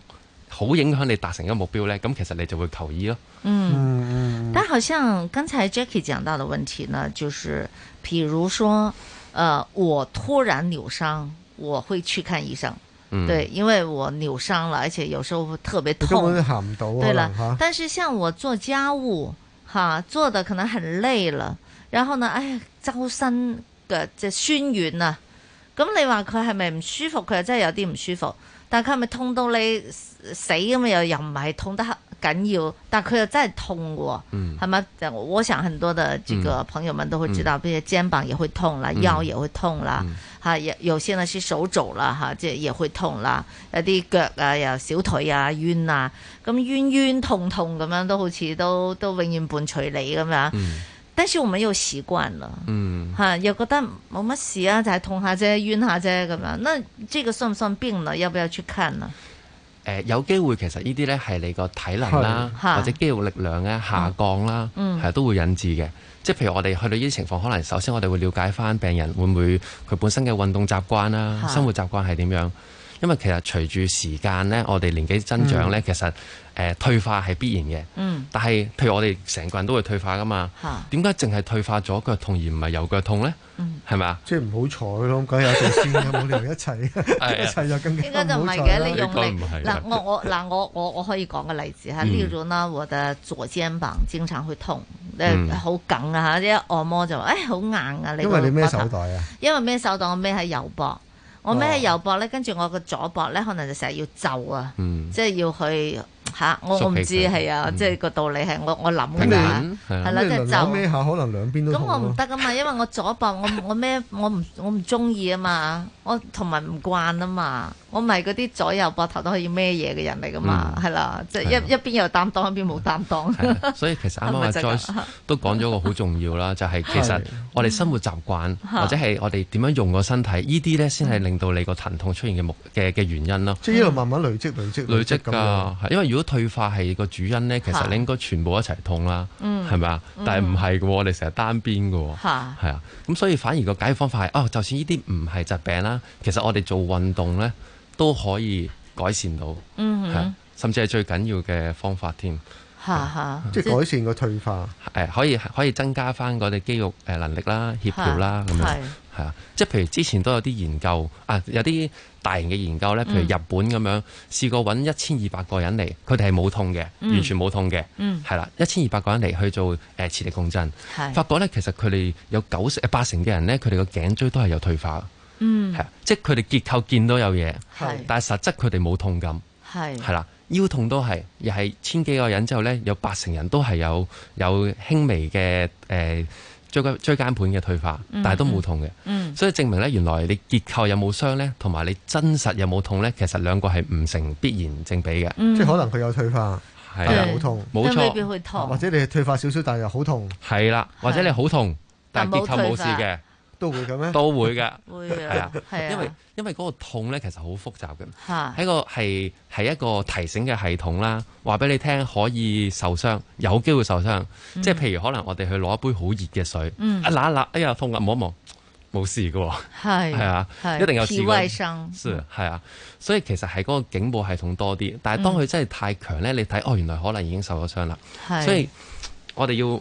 好影響你達成一個目標咧，咁其實你就會求醫咯嗯。嗯，但係好像剛才 Jackie 講到嘅問題呢，就是。比如說，呃，我突然扭傷，我會去看醫生，嗯、對，因為我扭傷了，而且有時候特別痛。根本行唔到。對了，但是像我做家務，哈，做的可能很累了，然後呢，哎，呀，周身嘅即係酸軟啊，咁你話佢係咪唔舒服？佢又真係有啲唔舒服，但係佢係咪痛到你死咁啊？又又唔係痛得緊要，但係佢又真係痛喎，係、嗯、咪？我想很多嘅這個朋友們都會知道，比、嗯、如肩膀也會痛啦，嗯、腰也會痛啦，吓有有些呢係手肘啦，吓即係也會痛啦，有啲腳啊又小腿啊冤啊，咁冤冤痛痛咁樣都好似都都，都永遠伴隨你咁樣。但是我們又習慣了，吓、嗯、又覺得冇乜事啊，就係痛下啫，冤下啫，咁樣。那這個算唔算病呢？要不要去看呢？誒、呃、有機會其實呢啲呢係你個體能啦，是或者肌肉力量咧下降啦，係、嗯、都會引致嘅。即係譬如我哋去到呢啲情況，可能首先我哋會了解翻病人會唔會佢本身嘅運動習慣啦，是生活習慣係點樣？因為其實隨住時間呢，我哋年紀增長呢，嗯、其實。誒、呃、退化係必然嘅，嗯，但係譬如我哋成個人都會退化噶嘛，嚇、啊，點解淨係退化咗左腳痛而唔係右腳痛咧？嗯，係即係唔好彩咯，咁有條線嘅冇條一、 <laughs> 啊、齊，一齊就更加唔好彩，應該唔係嘅，你用力嗱我我嗱 <laughs> 我我我，我可以講個例子係呢椎啦，我嘅、嗯、左肩膊經常會痛，好、嗯嗯、緊啊嚇！一按摩就誒好、哎、硬啊，你因為你咩手袋啊？因為咩手袋我？我孭喺右膊、哦，我孭喺右膊咧，跟住我個左膊咧，可能就成日要就啊，嗯、即係要去。吓、啊，我唔知係啊,、嗯嗯、啊,啊,啊，即係個道理係我我諗係啦，即係走下可能兩邊都咁、啊、我唔得噶嘛，因為我左膊我我咩我唔我唔中意啊嘛，我同埋唔慣啊嘛，我唔係嗰啲左右膊頭都可以咩嘢嘅人嚟噶嘛，係、嗯、啦，即係、啊啊就是、一一邊有擔當一邊冇擔當。所以其實啱啱話 Joyce 都講咗個好重要啦， <laughs> 就係其實我哋生活習慣、啊、或者係我哋點樣用個身體，呢啲咧先係令到你個疼痛出現嘅目嘅嘅原因咯。即係一路慢慢累積累積累積噶、啊，因為。如果退化係個主因呢，其實你應該全部一齊痛啦，係咪啊？但係唔係嘅，我哋成日單邊嘅，係啊。咁所以反而個解決方法係，哦，就算呢啲唔係疾病啦，其實我哋做運動呢都可以改善到，係、嗯，甚至係最緊要嘅方法添，即係改善個退化，誒，可以可以增加翻我哋肌肉誒能力啦，協調啦咁樣。係啊，即係譬如之前都有啲研究啊，有啲大型嘅研究咧，譬如日本咁樣、嗯、試過揾一千二百個人嚟，佢哋係冇痛嘅，完全冇痛嘅，係、嗯、啦，一千二百個人嚟去做誒、呃、磁力共振，發覺咧其實佢哋有九成、八成嘅人咧，佢哋個頸椎都係有退化，啊、嗯，即係佢哋結構見到有嘢，但係實質佢哋冇痛感，係啦，腰痛都係，又係千幾個人之後咧，有八成人都係有有輕微嘅椎椎間盤嘅退化，但係都冇痛嘅，嗯嗯、所以證明咧，原來你結構有冇傷咧，同埋你真實有冇痛咧，其實兩個係唔成必然正比嘅，嗯、即係可能佢有退化，係啊冇痛，冇錯，或者你退化少少，但係又好痛，係啦，或者你好痛，但係結構冇事嘅。都會咁咩？都會嘅，係啊，啊，啊，因為，因為嗰個痛咧，其實好複雜嘅，喺、啊、個係係一個提醒嘅系統啦，話俾你聽可以受傷，有機會受傷，嗯，即係譬如可能我哋去攞一杯好熱嘅水，一、嗯、啊，一、啊、嗱，哎呀，痛摸摸摸摸啊，望一望，冇事噶，係係啊，一定有試過，是係啊，啊，所以其實係嗰個警報系統多啲，但係當佢真係太強咧，你睇哦，原來可能已經受咗傷啦，所以我哋要。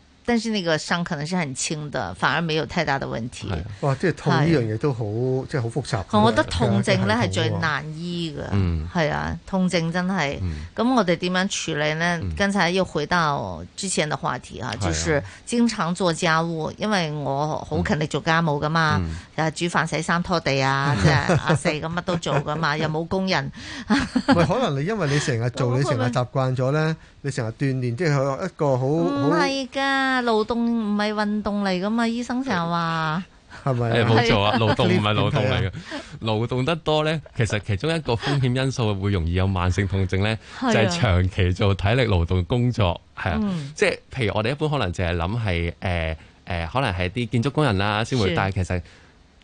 但是你個傷可能是很輕的，反而沒有太大的問題。哇，即係痛呢樣嘢都好，是即係好複雜。我覺得痛症咧係最難醫嘅，係、嗯、啊，痛症真係。咁、嗯、我哋點樣處理呢？剛才又回到之前嘅話題啊，嗯、就是經常做家務，因為我好勤力做家務噶嘛，啊、嗯、煮飯、洗衫、拖地啊，即係阿四咁乜都做噶嘛，又冇工人。唔 <laughs> 可能你因為你成日做，你成日習慣咗咧。 <laughs> 你成日鍛鍊，即係一個好唔係噶，勞動唔係運動嚟噶嘛？醫生成日話係咪？欸，冇錯啊，勞動唔係勞動嚟嘅，勞動得多咧，其實其中一個風險因素會容易有慢性痛症咧，就係長期做體力勞動工作，係啊，即係譬如我哋一般可能淨係諗係誒誒，可能係啲建築工人啦先會，但係其實。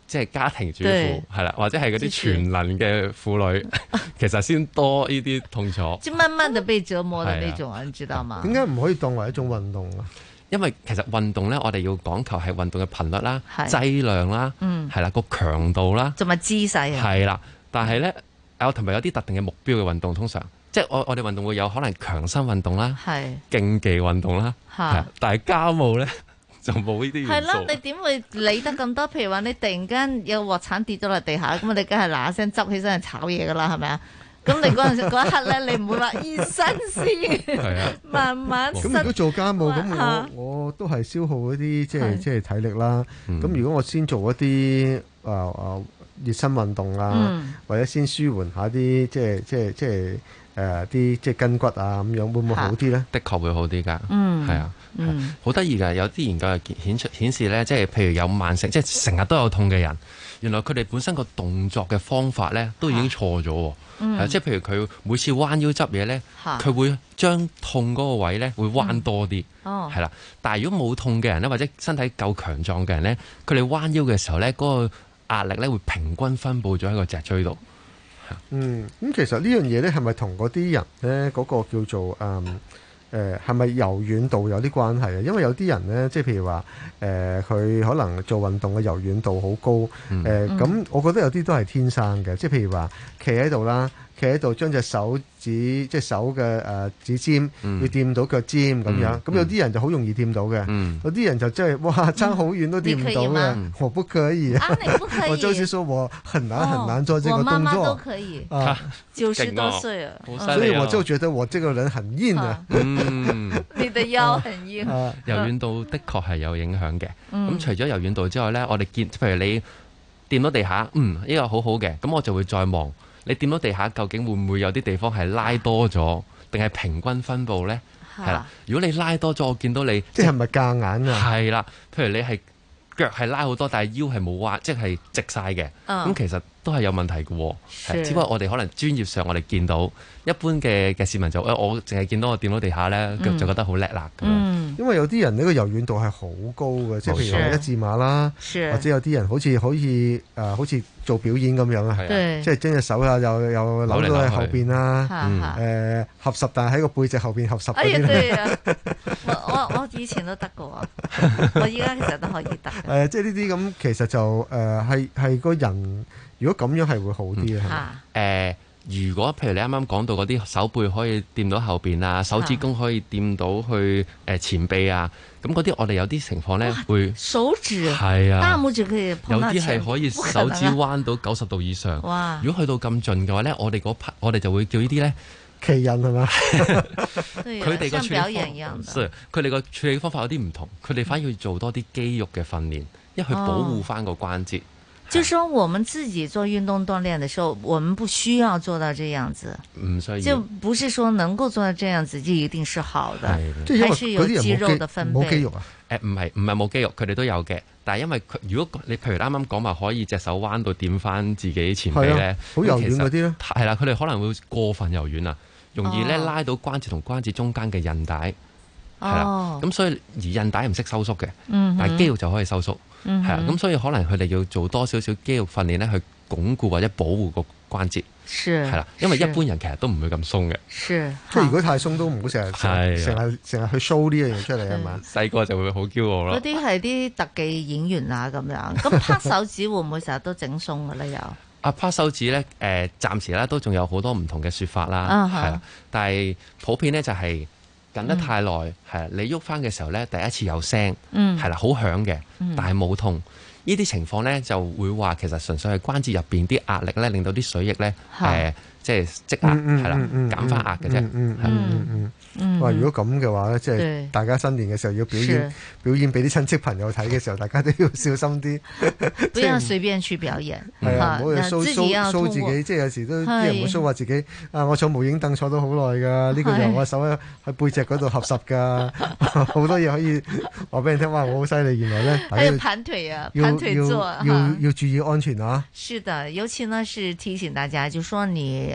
即係家庭主婦係啦，或者係嗰啲全能嘅婦女，係係其實先多呢啲痛楚。即 <laughs> 慢慢就被折磨嘅那種，啊，你知道嗎？點解唔可以當為一種運動啊？因為其實運動咧，我哋要講求係運動嘅頻率啦、啊、劑量啦、係啦個強度啦，同埋姿勢啊。啦、啊，但係咧，我同埋有啲特定嘅目標嘅運動，通常即係、就是、我我哋運動會有可能強身運動啦，係、啊、競技運動啦，係啊係啊、但係家務咧。就冇呢啲嘢？係啦，你點會理得咁多？譬如話你突然間有鑊鏟跌咗落地下，咁我哋梗係嗱聲執起身嚟炒嘢噶啦，係咪啊？咁你嗰陣嗰一刻咧，你唔會話熱身先， <laughs> <laughs> 慢慢。咁如果做家務，咁我，我都係消耗一啲即係即係體力啦。咁是如果我先做一啲啊啊熱身運動啊，嗯、或者先舒緩下啲即係即係、呃、即係誒啲即係筋骨啊咁樣，會唔會好啲咧？的確會好啲噶，嗯，係啊。嗯，好得意㗎，有啲研究又顯出顯示咧，即係譬如有慢性，即係成日都有痛嘅人，原來佢哋本身個動作嘅方法咧，都已經錯咗喎。即、啊、係譬如佢每次彎腰執嘢咧，佢、啊、會將痛嗰個位咧會彎多啲。哦、啊，係啦，但係如果冇痛嘅人咧，或者身體夠強壯嘅人咧，佢哋彎腰嘅時候咧，嗰、嗰個壓力咧會平均分布咗喺個脊椎度。嗯，咁其實呢樣嘢咧，係咪同嗰啲人咧嗰個叫做嗯？誒係咪柔軟度有啲關係啊？因為有啲人咧，即係譬如話，誒、呃、佢可能做運動嘅柔軟度好高，誒、嗯、咁，呃、我覺得有啲都係天生嘅，即係譬如話，企喺度啦。企喺度，將隻手指即係手嘅誒指尖，嗯、要掂到腳尖咁樣。咁、嗯嗯、有啲人就好容易掂到嘅、嗯，有啲人就真係哇，爭好遠都掂唔到嘅、嗯。我不可以啊。啊，你不可以。 <laughs> 我就是說，我很難、哦、很難做這個動作。我媽媽都可以，九、啊、十多歲啦、啊啊啊。所以我就覺得我這個人很硬啊。啊 <laughs> 你的腰很硬、啊。柔、啊、軟、啊、度的確係有影響嘅。咁、嗯啊、除咗柔軟度之外咧，我哋見譬如你掂到地下，嗯，依、這個好好嘅。咁我就會再望。你掂到地下究竟會唔會有啲地方係拉多咗，定係平均分布呢？係啦，如果你拉多咗，我見到你即係唔係夾硬啊？係啦，譬如你係腳係拉好多，但係腰係冇彎，即係直晒嘅。咁、嗯嗯、其實。都係有問題嘅，只不過我哋可能專業上我哋見到，一般嘅嘅市民就誒，我淨係見到我掂到地下咧，咁就覺得好叻啦。嗯，因為有啲人呢個柔軟度係好高嘅，即、哦、係譬如一字馬啦，或者有啲人好似可以誒，好似做表演咁樣啊，即係將隻手啊又又扭到喺後邊啦，誒、呃嗯、合十，但係喺個背脊後邊合十。哎、 <laughs> 我我以前都得嘅喎，我依家其實都可以得。誒、 <laughs> 呃，即係呢啲咁，其實就誒係係個人。如果咁樣係會好啲，嗯、啊？誒、呃，如果譬如你啱啱講到嗰啲手背可以掂到後邊啊，手指公可以掂到去誒前臂啊，咁嗰啲我哋有啲情況咧會數住，係啊，揸住佢，有啲係可以手指彎到九十度以上，啊。哇！如果去到咁盡嘅話咧，我哋嗰排我哋就會叫些呢啲咧奇人係嘛，佢哋個處理方法，佢哋個處理方法有啲唔同，佢哋反而要做多啲肌肉嘅訓練，一去保護翻個關節。啊就說我們自己做運動鍛煉的時候，我們不需要做到這樣子，不就不是說能夠做到這樣子就一定是好的，是的還是有肌肉的分泌。冇肌肉啊？誒、呃，唔係唔係冇肌肉，佢哋都有嘅。但係因為佢如果你譬如啱啱講埋可以隻手彎到點翻自己前臂咧，好柔軟嗰啲咧，係啦，佢哋可能會過分柔軟啊，容易咧拉到關節同關節中間嘅韌帶。哦係啦，咁所以而韌帶唔識收縮嘅，但係肌肉就可以收縮，係啦、嗯，咁所以可能佢哋要做多少少肌肉訓練咧，去鞏固或者保護個關節，係啦，因為一般人其實都唔會咁鬆嘅，即係如果太鬆都唔好成日成日成日去 show 呢樣嘢出嚟啊嘛，細個就會好驕傲咯。嗰啲係啲特技演員啊咁樣，咁拍手指會唔會成日都整鬆噶咧？又啊，拍手指咧，誒、呃，暫時咧都仲有好多唔同嘅説法啦，係啦、啊啊，但係普遍咧就係、是。等、嗯、得太耐，係你喐翻嘅時候咧，第一次有聲，係啦、嗯，好響嘅，但係冇痛。呢啲情況咧，就會話其實純粹係關節入邊啲壓力咧，令到啲水液咧，誒。呃即係積壓係啦、嗯嗯嗯嗯，減翻壓嘅啫。哇、嗯嗯嗯！如果咁嘅話咧，即、就、係、是、大家新年嘅時候要表演表演俾啲親戚朋友睇嘅時候，大家都要小心啲。不要隨便去表演，係啊！唔好去 show 自己，即係有時都啲人會 show 話自己，說說自己啊！我坐無影凳坐咗好耐㗎，呢、這個又我手喺背脊嗰度合十㗎，好、哎啊、多嘢可以話俾你聽。哇！我好犀利，原來咧。係盤腿啊！盤腿坐，要要注意安全啊！是的，尤其呢，是提醒大家，就是你。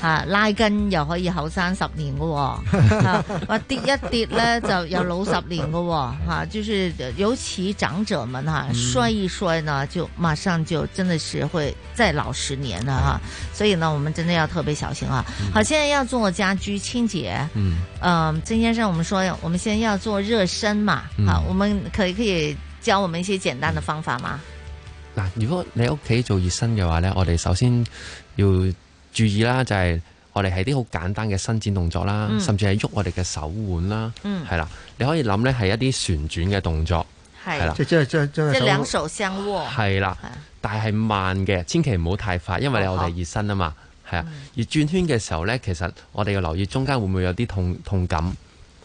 啊拉筋又可以後生十年噶，或、 <laughs> 啊、跌一跌呢就又老十年噶，吓、啊、就是尤其長者們吓摔、啊、一摔呢就馬上就真的是會再老十年了哈、啊嗯、所以呢我們真的要特別小心啊、嗯。好，現在要做家居清潔，嗯，嗯、呃，曾先生，我們說我們先要做熱身嘛，好、嗯啊，我們可以可以教我們一些簡單的方法嗎？嗱，如果你屋企做熱身嘅話呢，我哋首先要，注意啦，就係、是、我哋係啲好簡單嘅伸展動作啦，嗯、甚至係喐我哋嘅手腕啦，係啦、嗯，你可以諗咧係一啲旋轉嘅動作，係啦、嗯，即係即係即係即係兩手相握，係啦，但係慢嘅，千祈唔好太快，因為我哋熱身啊嘛，係啊好，而轉圈嘅時候咧，其實我哋要留意中間會唔會有啲痛痛感。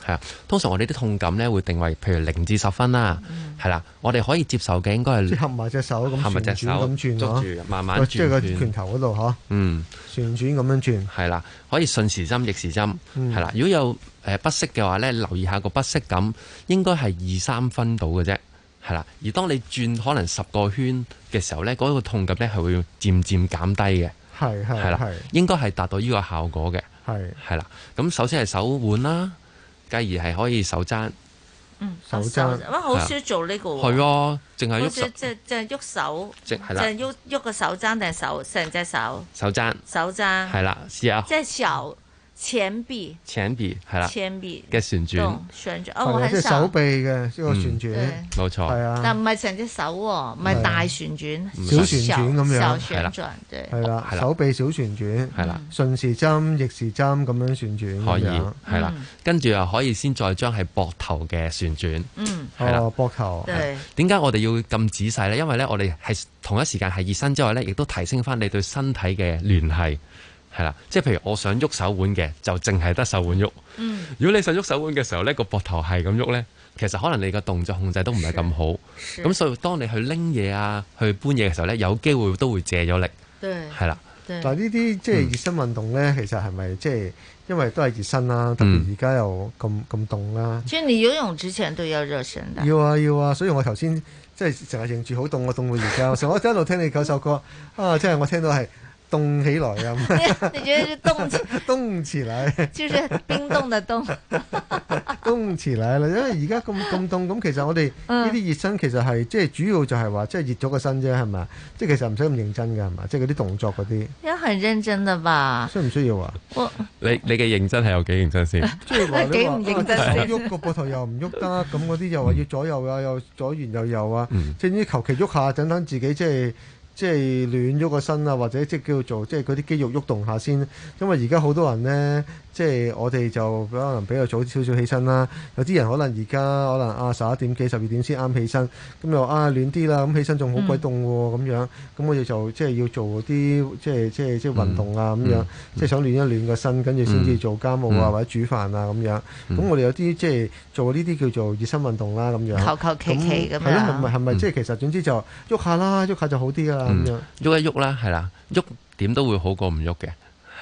係啊，通常我哋啲痛感咧會定位，譬如零至十分啦，係、嗯、啦，我哋可以接受嘅，應該係合埋隻手咁，合埋隻手咁轉，捉住、慢慢轉，即係個拳頭嗰度嗬，嗯，旋轉轉，旋轉咁樣轉係啦，可以順時針逆時針係啦。如果有誒不適嘅話咧，留意下個不適感，應該係二三分到嘅啫，係啦。而當你轉可能十個圈嘅時候咧，嗰、嗰個痛感咧係會漸漸減低嘅，係係係啦，應該係達到呢個效果嘅，係係啦。咁首先係手腕啦。而係可以手踭，嗯，手踭，我 <noise> 好少做呢個喎、喔，係咯，淨係即即係喐手，即係喐喐個手踭定、嗯就是、手成隻手，手踭掌，手踭掌，係啦，試下，即係手。前臂，前臂係啦，前臂嘅旋轉，旋轉哦，即係手臂嘅呢個旋轉，冇、嗯、錯，係啊，但唔係成隻手，唔係大旋轉，小旋轉咁樣，係啦，係啦，手臂小旋轉，係啦，順時針、逆時針咁樣旋轉可以，係啦，跟住又可以先再將係膊頭嘅旋轉，嗯，哦，膊頭，係，點解我哋要咁仔細咧？因為咧，我哋係同一時間係熱身之外咧，亦都提升翻你對身體嘅聯繫。係啦，即係譬如我想喐手腕嘅，就淨係得手腕喐、嗯。如果你想喐手腕嘅時候呢，個膊頭係咁喐呢，其實可能你個動作控制都唔係咁好。咁所以當你去拎嘢啊，去搬嘢嘅時候呢，有機會都會借咗力。對。係啦。嗱呢啲即係熱身運動呢，其實係咪即係因為都係熱身啦、嗯？特別而家又咁咁凍啦。即、嗯、係、啊、你游泳之前都要熱身。要啊要啊！所以我頭先即係成日認住好凍，我凍到而家。我成日都一路聽你講首歌 <laughs> 啊，即係我聽到係。凍起來啊！ <laughs> 你覺得是凍凍起來？就是冰凍的凍，凍起來了。因為而家咁咁凍，咁其實我哋呢啲熱身其實係即係主要就係話即係熱咗個身啫，係嘛？即係其實唔使咁認真噶，係嘛？即係嗰啲動作嗰啲，一很認真啦吧？需唔需要，的是需要說說 <laughs> 啊？你你嘅認真係有幾認真先？即係話你喐個膊頭又唔喐得，咁嗰啲又話要左右啊、嗯，又左完又右啊，即係呢啲求其喐下等等自己即係。就是即係暖咗個身啊，或者即係叫做即係嗰啲肌肉喐動動下先，因為而家好多人咧。即係我哋就可能比較早少少起身啦，有啲人可能而家可能啊十一點幾十二點先啱起身，咁又啊暖啲啦，咁起身仲好鬼凍喎咁樣，咁我哋就即係要做啲即係即係即係運動啊咁、嗯、樣，即係想暖一暖個身，跟住先至做家務啊、嗯、或者煮飯啊咁樣，咁我哋有啲即係做呢啲叫做熱身運動啦、啊、咁樣，求求其其㗎嘛，係咪？嗯、即係其實總之就喐下啦，喐下就好啲㗎咁樣，喐、嗯、一喐啦係啦，喐點都會好過唔喐嘅。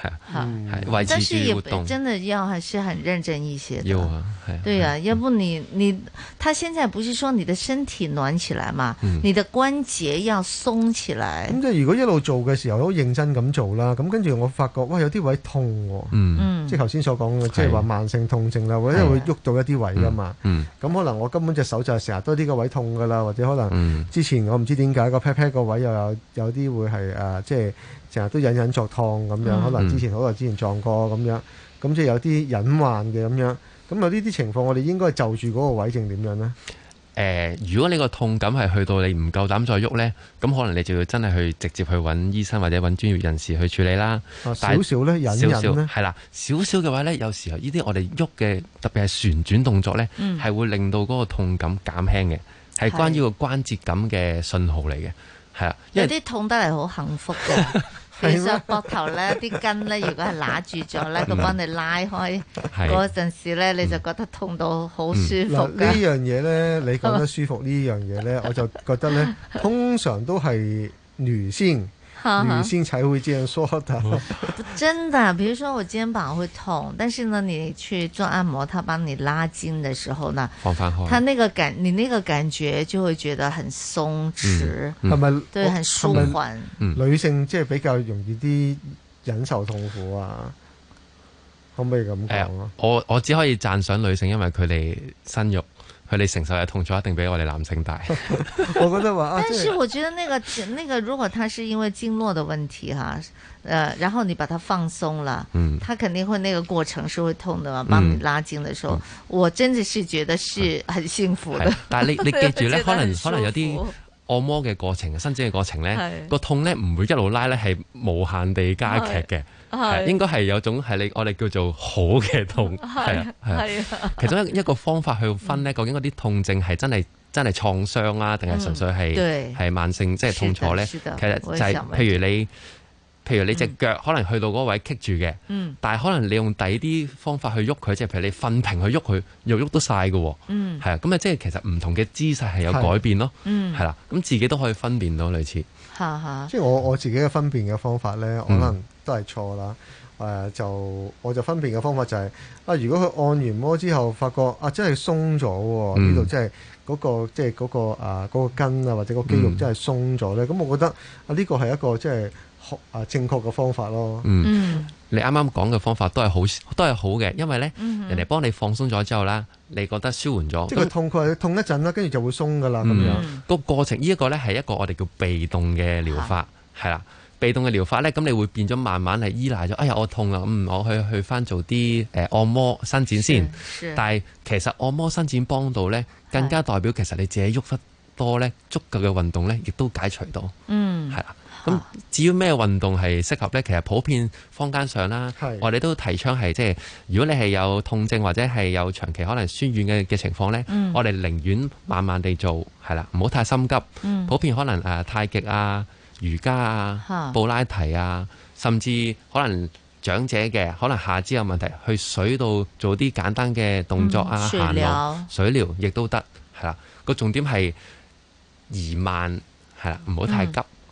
係係，嗯、是但是也真的要還是很認真一些的。有啊，係。對呀，要不你你，他現在不是說你的身體暖起來嘛，的你的關節要鬆起來。咁即係如果一路做嘅時候都認真咁做啦，咁跟住我發覺，喂，有啲位痛喎、啊嗯。即係頭先所講嘅，即係話慢性痛症啦，或者會喐到一啲位噶嘛。咁、嗯、可能我根本隻手就係成日都呢個位痛噶啦，或者可能之前我唔知點解個 pat pat 個位又有有啲會係誒、啊，即係。成日都隱隱作痛咁樣、嗯，可能之前好耐、嗯、之，之前撞過咁樣，咁即係有啲隱患嘅咁樣。咁有呢啲情況，我哋應該就住嗰個位置正點樣呢？誒、呃，如果你個痛感係去到你唔夠膽再喐呢，咁可能你就要真係去直接去揾醫生或者揾專業人士去處理、啊、少少隱隱少少隱隱啦。少少呢隱隱咧，係啦，少少嘅話呢，有時候呢啲我哋喐嘅特別係旋轉動作呢，係、嗯、會令到嗰個痛感減輕嘅，係關於個關節感嘅信號嚟嘅。有啲痛得嚟好幸福㗎，其實膊頭咧啲筋咧，如，呢 <laughs> 如果係揦住咗咧，佢幫你拉開嗰陣 <laughs> 時咧，你就覺得痛到好舒， <laughs> 舒服。嗱， <laughs> 呢樣嘢咧，你覺得舒服呢樣嘢咧，我就覺得咧，通常都係女性。女性 <music> 才會這樣說的 <laughs> 真的。比如說我肩膀會痛，但是呢，你去做按摩，他幫你拉筋的時候呢，他那個感，你那個感覺就會覺得很鬆弛，係咪、嗯嗯？對，嗯、很舒緩。哦、是是女性即係比較容易啲忍受痛苦啊，可、嗯、唔可以咁講、啊欸、我我只可以讚賞女性，因為佢哋生育。佢哋承受嘅痛楚一定比我哋男性大。我覺得話，但是我覺得那個那個如果他是因為經絡的問題哈，呃，然後你把它放鬆了，嗯，他肯定會那個過程是會痛的嘛。幫你拉筋的時候，嗯、我真的是覺得是很幸福的。 <laughs> 但係你你記住咧，可能可能有啲按摩嘅過程、伸展嘅過程咧，個對痛咧唔會一路拉咧係無限地加劇嘅。係應該係有一種係你我哋叫做好嘅痛係啊，係啊、啊。其中一一個方法去分咧，嗯，究竟嗰啲痛症係真係真係創傷啊，定係純粹係係、嗯、慢性即係痛楚咧？其實就係、是、譬如你，譬如你隻腳可能去到嗰位棘住嘅，嗯，但係可能你用第啲方法去喐佢，即係譬如你瞓平去喐佢，又喐得晒嘅，嗯，係啊。咁啊，即係其實唔同嘅姿勢係有改變咯，啊，嗯，係啦、啊。咁自己都可以分辨到類似，哈哈即係我我自己嘅分辨嘅方法咧，可能，嗯。都係錯啦，誒就我就分辨嘅方法就係啊，如果佢按完摩之後，發覺啊真係鬆咗喎，呢度真係嗰個即係嗰個啊嗰個筋啊或者個肌肉真係鬆咗咧，咁我覺得啊呢個係一個即係啊正確嘅方法咯。嗯，你啱啱講嘅方法都係好都係好嘅，因為咧人哋幫你放鬆咗之後啦，你覺得舒緩咗。即係痛，佢痛一陣啦，跟住就會鬆㗎啦咁樣。個過程呢一個咧係一個我哋叫被動嘅療法，係啦。被動嘅療法呢，咁你會變咗慢慢係依賴咗。哎呀，我痛啦，咁、嗯、我去去翻做啲誒、呃、按摩伸展先。展但係其實按摩伸展幫到呢，更加代表其實你自己喐得多呢，足夠嘅運動呢，亦都解除到。嗯，係啦。咁至於咩運動係適合呢？其實普遍坊間上啦，是我哋都提倡係即係，如果你係有痛症或者係有長期可能酸軟嘅嘅情況呢，嗯、我哋寧願慢慢地做，係啦，唔好太心急。嗯、普遍可能誒太極啊。瑜伽啊，布拉提啊，甚至可能長者嘅可能下肢有問題，去水度做啲簡單嘅動作啊，嗯、行路水療亦都得，係啦。個重點係移慢，係啦，唔好太急。嗯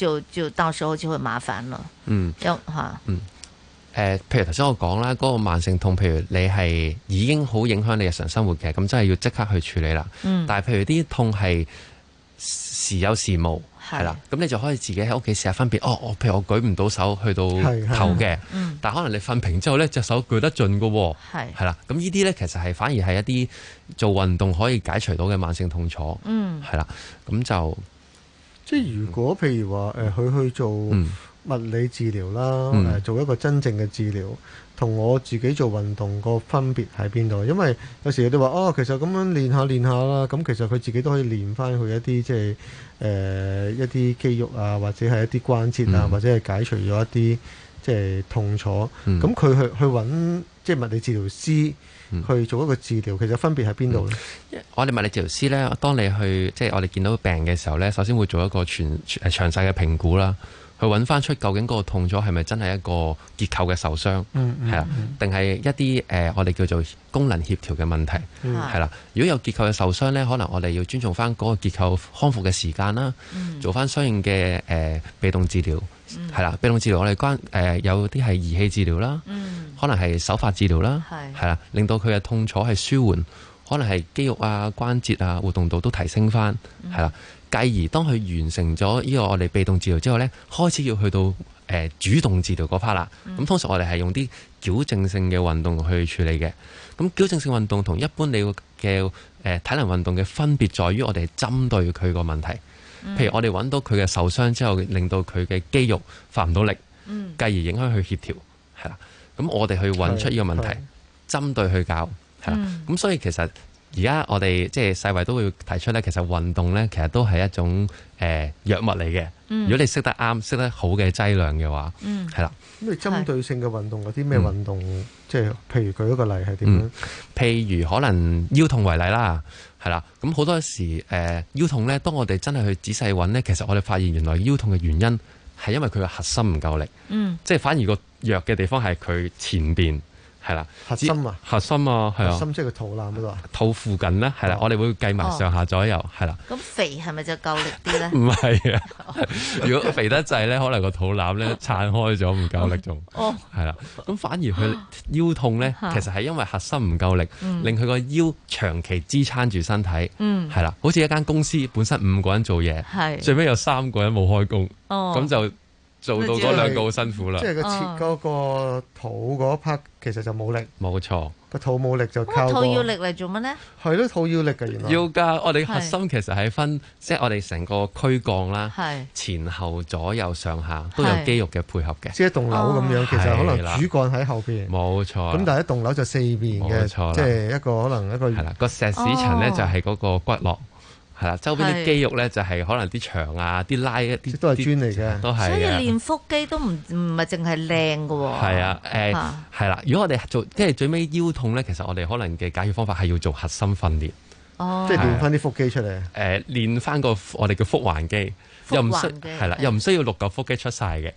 就就到時候就會麻煩咯。嗯，又吓，嗯，誒、呃，譬如頭先我講啦，嗰個慢性痛，譬如你係已經好影響你日常生活嘅，咁真係要即刻去處理啦。嗯，但係譬如啲痛係時有時無，係啦，咁你就可以自己喺屋企試下分別。哦，我譬如我舉唔到手去到頭嘅，但可能你瞓平之後咧，隻手舉得盡噶喎。係係啦，咁呢啲咧其實係反而係一啲做運動可以解除到嘅慢性痛楚。嗯，係啦，咁就。即係如果譬如話誒，佢、呃、去做物理治療啦，誒、嗯、做一個真正嘅治療，同我自己做運動個分別喺邊度？因為有時你都話哦，其實咁樣練下練下啦，咁其實佢自己都可以練翻佢一啲即係誒一啲肌肉啊，或者係一啲關節啊，或者係解除咗一啲即係痛楚。咁佢、嗯、去去揾即係物理治療師。去做一個治療，其實分別喺邊度呢？嗯、我哋物理治療師呢，當你去即係我哋見到病嘅時候呢，首先會做一個全誒詳細嘅評估啦，去揾翻出究竟嗰個痛楚係咪真係一個結構嘅受傷，係、嗯、啦，定、嗯、係一啲誒、呃、我哋叫做功能協調嘅問題，係、嗯、啦。如果有結構嘅受傷呢，可能我哋要尊重翻嗰個結構康復嘅時間啦，做翻相應嘅誒、呃、被動治療。係啦，被動治療我哋關誒、呃，有啲係儀器治療啦、嗯，可能係手法治療啦，係啦，令到佢嘅痛楚係舒緩，可能係肌肉啊、關節啊活動度都提升翻，係啦。繼、嗯、而當佢完成咗呢個我哋被動治療之後咧，開始要去到誒、呃、主動治療嗰 part 啦。咁、嗯、通常我哋係用啲矯正性嘅運動去處理嘅。咁矯正性運動同一般你嘅誒體能運動嘅分別在於，我哋係針對佢個問題。譬如我哋揾到佢嘅受傷之後，令到佢嘅肌肉發唔到力，繼而影響佢協調，係啦。咁我哋去揾出呢個問題，針對去搞，係啦。咁所以其實。而家我哋即係世衞都會提出咧，其實運動咧，其實都係一種誒、呃、藥物嚟嘅、嗯。如果你識得啱、識得好嘅劑量嘅話，係、嗯、啦。咁你針對性嘅運動嗰啲咩運動？即係、嗯、譬如舉一個例係點樣、嗯？譬如可能腰痛為例啦，係啦。咁好多時誒、呃、腰痛咧，當我哋真係去仔細揾咧，其實我哋發現原來腰痛嘅原因係因為佢嘅核心唔夠力，嗯、即係反而個弱嘅地方係佢前面。係啦，核心啊，核心啊，係啊，心即係個肚腩嗰度，肚附近咧，係啦，我哋會計埋上下左右，係啦。咁肥係咪就夠力啲咧？唔係啊，如果肥得滯咧，可能個肚腩咧撐開咗，唔夠力仲。哦，係啦，咁反而佢腰痛咧，其實係因為核心唔夠力，令佢個腰長期支撐住身體。嗯，係啦，好似一間公司本身五個人做嘢，係最尾有三個人冇開工，哦，咁就。做到嗰兩個好辛苦啦，哦、即係個切嗰個肚嗰 part 其實就冇力，冇錯。個肚冇力就靠個肚要力嚟做乜咧？係、哦、咯，肚要力嘅原來要。要㗎，我哋核心其實係分，是即係我哋成個軀幹啦，係前後左右上下都有肌肉嘅配合嘅。即係一棟樓咁樣，哦、其實可能主幹喺後邊，冇錯。咁但係一棟樓就四邊嘅，錯即係一個可能一個。係啦，嗰個石屎層咧就係嗰個骨骼。哦哦係啦，周邊啲肌肉咧就係可能啲長啊、啲拉一啲，都係磚嚟嘅，都係。所以練腹肌都唔唔係淨係靚㗎喎。係啊，誒係啦。如果我哋做即係最尾腰痛咧，其實我哋可能嘅解決方法係要做核心訓練，哦、即係練翻啲腹肌出嚟。誒、欸，練翻個我哋叫腹橫肌。又唔需係啦，又唔需，需要六嚿腹肌出晒嘅，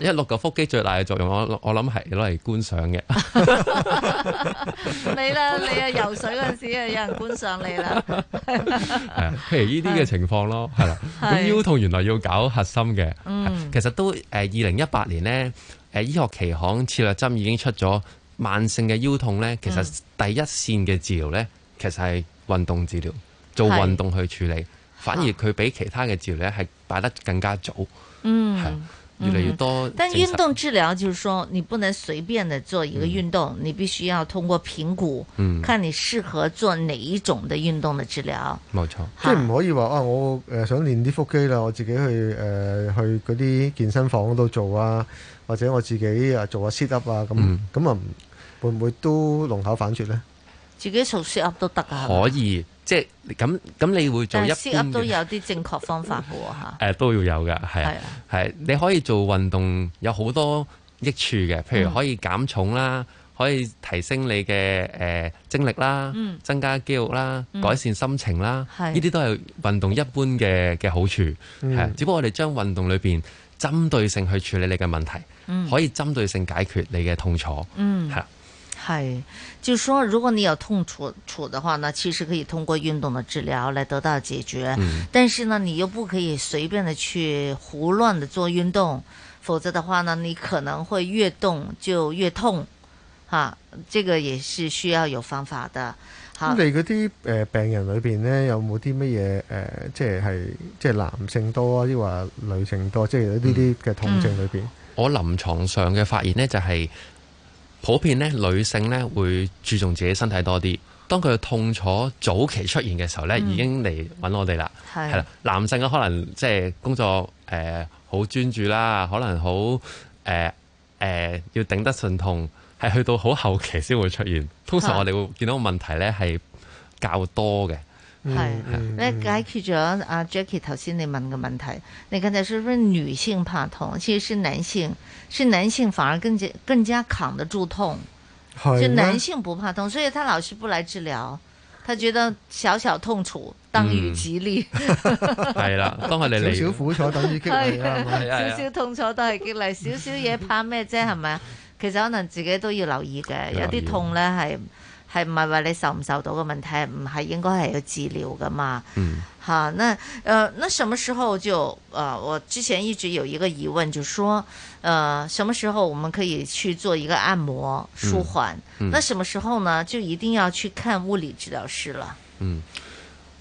因為六嚿腹肌最大嘅作用，我我諗係攞嚟觀賞嘅。 <laughs> <laughs> <laughs> 你啦，你啊游水嗰陣時啊，有人觀賞你啦。譬 <laughs> 如呢啲嘅情況咯，係啦。咁腰痛原來要搞核心嘅，嗯，其實都誒二零一八年呢，誒醫學期刊《刺絡針》已經出咗慢性嘅腰痛咧，其實第一線嘅治療咧，其實係運動治療，做運動去處理，反而佢比其他嘅治療係。啊是擺得更加早，嗯，越嚟越多。但運動治療就是說，你不能隨便的做一個運動，嗯，你必須要通過評估，嗯，看你適合做哪一種的運動的治療。冇錯，即係唔可以話啊，我誒、呃、想練啲腹肌啦，我自己去誒、呃、去嗰啲健身房度做啊，或者我自己啊做下 sit up 啊咁，咁、嗯、啊會唔會都龍口反絕呢？自己做施壓都得啊，可以，係即係咁咁，你會做一般都有啲正確方法嘅喎嚇？誒都要有㗎，係啊，係你可以做運動有好多益處嘅，譬如可以減重啦，可以提升你嘅誒精力啦，增加肌肉啦，改善心情啦，呢、嗯、啲、嗯、都係運動一般嘅嘅好處，係、嗯、只不過我哋將運動裏邊針對性去處理你嘅問題，可以針對性解決你嘅痛楚，係、嗯。係，就是說，如果你有痛楚楚的話呢，呢其實可以通過運動的治療來得到解決、嗯。但是呢，你又不可以隨便的去胡亂的做運動，否則的話呢，你可能會越動就越痛，吓、啊，這個也是需要有方法的，好。咁你嗰啲誒病人裏邊呢，有冇啲乜嘢誒，即係即係男性多啊，抑或女性多？嗯、即係呢啲嘅痛症裏邊、嗯嗯，我臨床上嘅發現呢就係、是。普遍咧，女性咧會注重自己身體多啲。當佢嘅痛楚早期出現嘅時候咧、嗯，已經嚟搵我哋啦。係啦，男性咧可能即係工作誒好、呃、專注啦，可能好誒誒要頂得順痛，係去到好後期先會出現。通常我哋會見到個問題咧係較多嘅。係、嗯、嚟、嗯、解決咗阿 Jacky 頭先你問嘅問題。你剛才說唔係女性怕痛，其實是男性，是男性反而更加更加扛得住痛。是就是、男性不怕痛，所以他老是不來治療。他覺得小小痛楚當於激勵。係、嗯、啦 <laughs> <laughs> 當佢哋嚟少少苦楚等於激勵啦、 <laughs> 啊啊。少少痛楚都係激勵，少少嘢怕咩啫？係咪啊？ <laughs> 其實可能自己都要留意嘅，有啲痛咧係。是係唔係話你受唔受到嘅問題？唔係應該係要治療㗎嘛？嗯，吓，那誒、呃，那什麼時候就誒、呃？我之前一直有一個疑問，就說誒、呃，什麼時候我們可以去做一個按摩舒緩、嗯嗯？那什麼時候呢？就一定要去看物理治療師啦。嗯，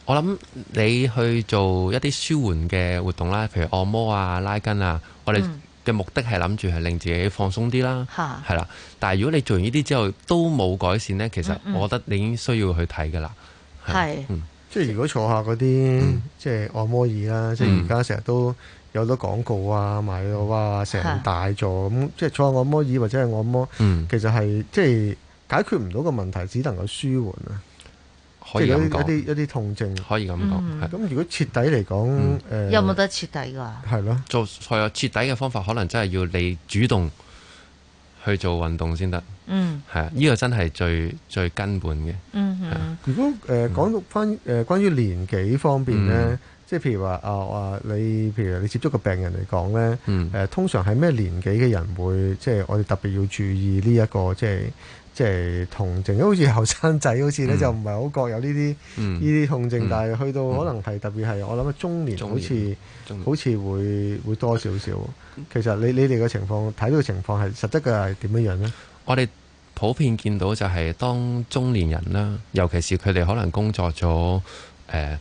我諗你去做一啲舒緩嘅活動啦，譬如按摩啊、拉筋啊，我哋、嗯。嘅目的係諗住係令自己放鬆啲啦，係啦的。但係如果你做完呢啲之後都冇改善呢，其實我覺得你已經需要去睇噶啦。係，的嗯、即係如果坐下嗰啲即係按摩椅啦，嗯、即係而家成日都有好多廣告啊，買咗哇成大座咁，的即係坐下按摩椅或者係按摩，嗯、其實係即係解決唔到個問題，只能夠舒緩啊。可以咁講，一啲一啲一啲痛症，可以咁講。咁、mm hmm. 如果徹底嚟講，誒、mm hmm. 呃、有冇得徹底㗎？係咯的，做係啊，徹底嘅方法可能真係要你主動去做運動先得。嗯、mm，係、hmm. 啊，呢、這個真係最最根本嘅。嗯、mm hmm. 的如果誒、呃、講到翻誒關於年紀方面咧，mm hmm. 即係譬如話啊啊，呃、譬如你譬如你接觸個病人嚟講咧，誒、呃、通常係咩年紀嘅人會即係我哋特別要注意呢、這、一個即係。即即係痛症，好似後生仔好似咧、嗯、就唔係好覺有呢啲呢啲痛症，嗯、同但係去到可能係特別係、嗯、我諗中年好似中年好似會會多少少。其實你你哋嘅情況睇到嘅情況係實質嘅係點樣樣咧？我哋普遍見到就係當中年人啦，尤其是佢哋可能工作咗誒、呃、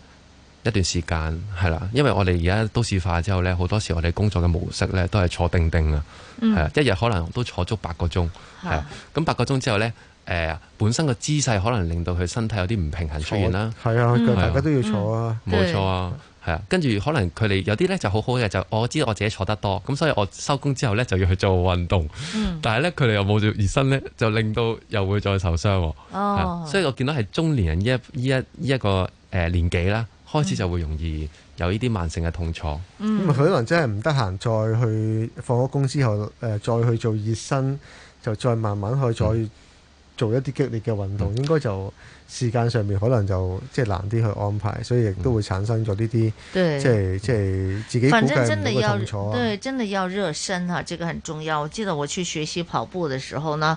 一段時間係啦，因為我哋而家都市化之後呢，好多時我哋工作嘅模式呢都係坐定定啊，係啊，嗯、一日可能都坐足八個鐘。係啊，咁八個鐘之後咧，誒、呃、本身個姿勢可能令到佢身體有啲唔平衡出現啦。係啊，啊啊大家都要坐啊。冇、啊嗯、錯啊，係啊，啊。跟住可能佢哋有啲咧就好好嘅，就我知道我自己坐得多，咁所以我收工之後咧就要去做運動。嗯、但係咧，佢哋又冇做熱身咧，就令到又會再受傷，啊。哦、啊。所以我見到係中年人依一一依一個誒年紀啦、啊嗯，開始就會容易有呢啲慢性嘅痛楚。嗯。咁佢可能真係唔得閒再去放咗工之後誒、呃、再去做熱身。就再慢慢去再做一啲激烈嘅運動，嗯、應該就時間上面可能就即係、就是、難啲去安排，所以亦都會產生咗呢啲即係即係、嗯、自己、啊、反正真的要對，真的要熱身嚇、啊，這個很重要。我記得我去學習跑步嘅時候呢。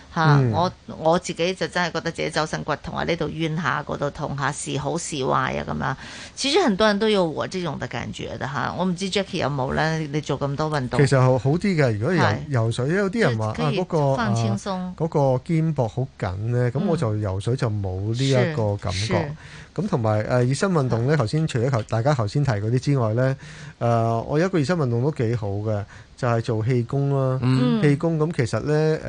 嚇、嗯！我我自己就真係覺得自己周身骨痛啊，呢度冤下，嗰度痛下、啊，時好時壞啊咁樣。始終很多人都有我這種感覺嘅啊，嚇！我唔知道 Jackie 有冇呢？你做咁多運動，其實好啲嘅。如果有游，游水，有啲人話嗰、啊那個嗰、啊那個肩膊好緊呢，咁我就游水就冇呢一個感覺。嗯。咁同埋誒熱身運動咧，頭先除咗頭大家頭先提嗰啲之外咧，誒、呃、我有一個熱身運動都幾好嘅，就係、是、做氣功啦。嗯、氣功咁、嗯、其實咧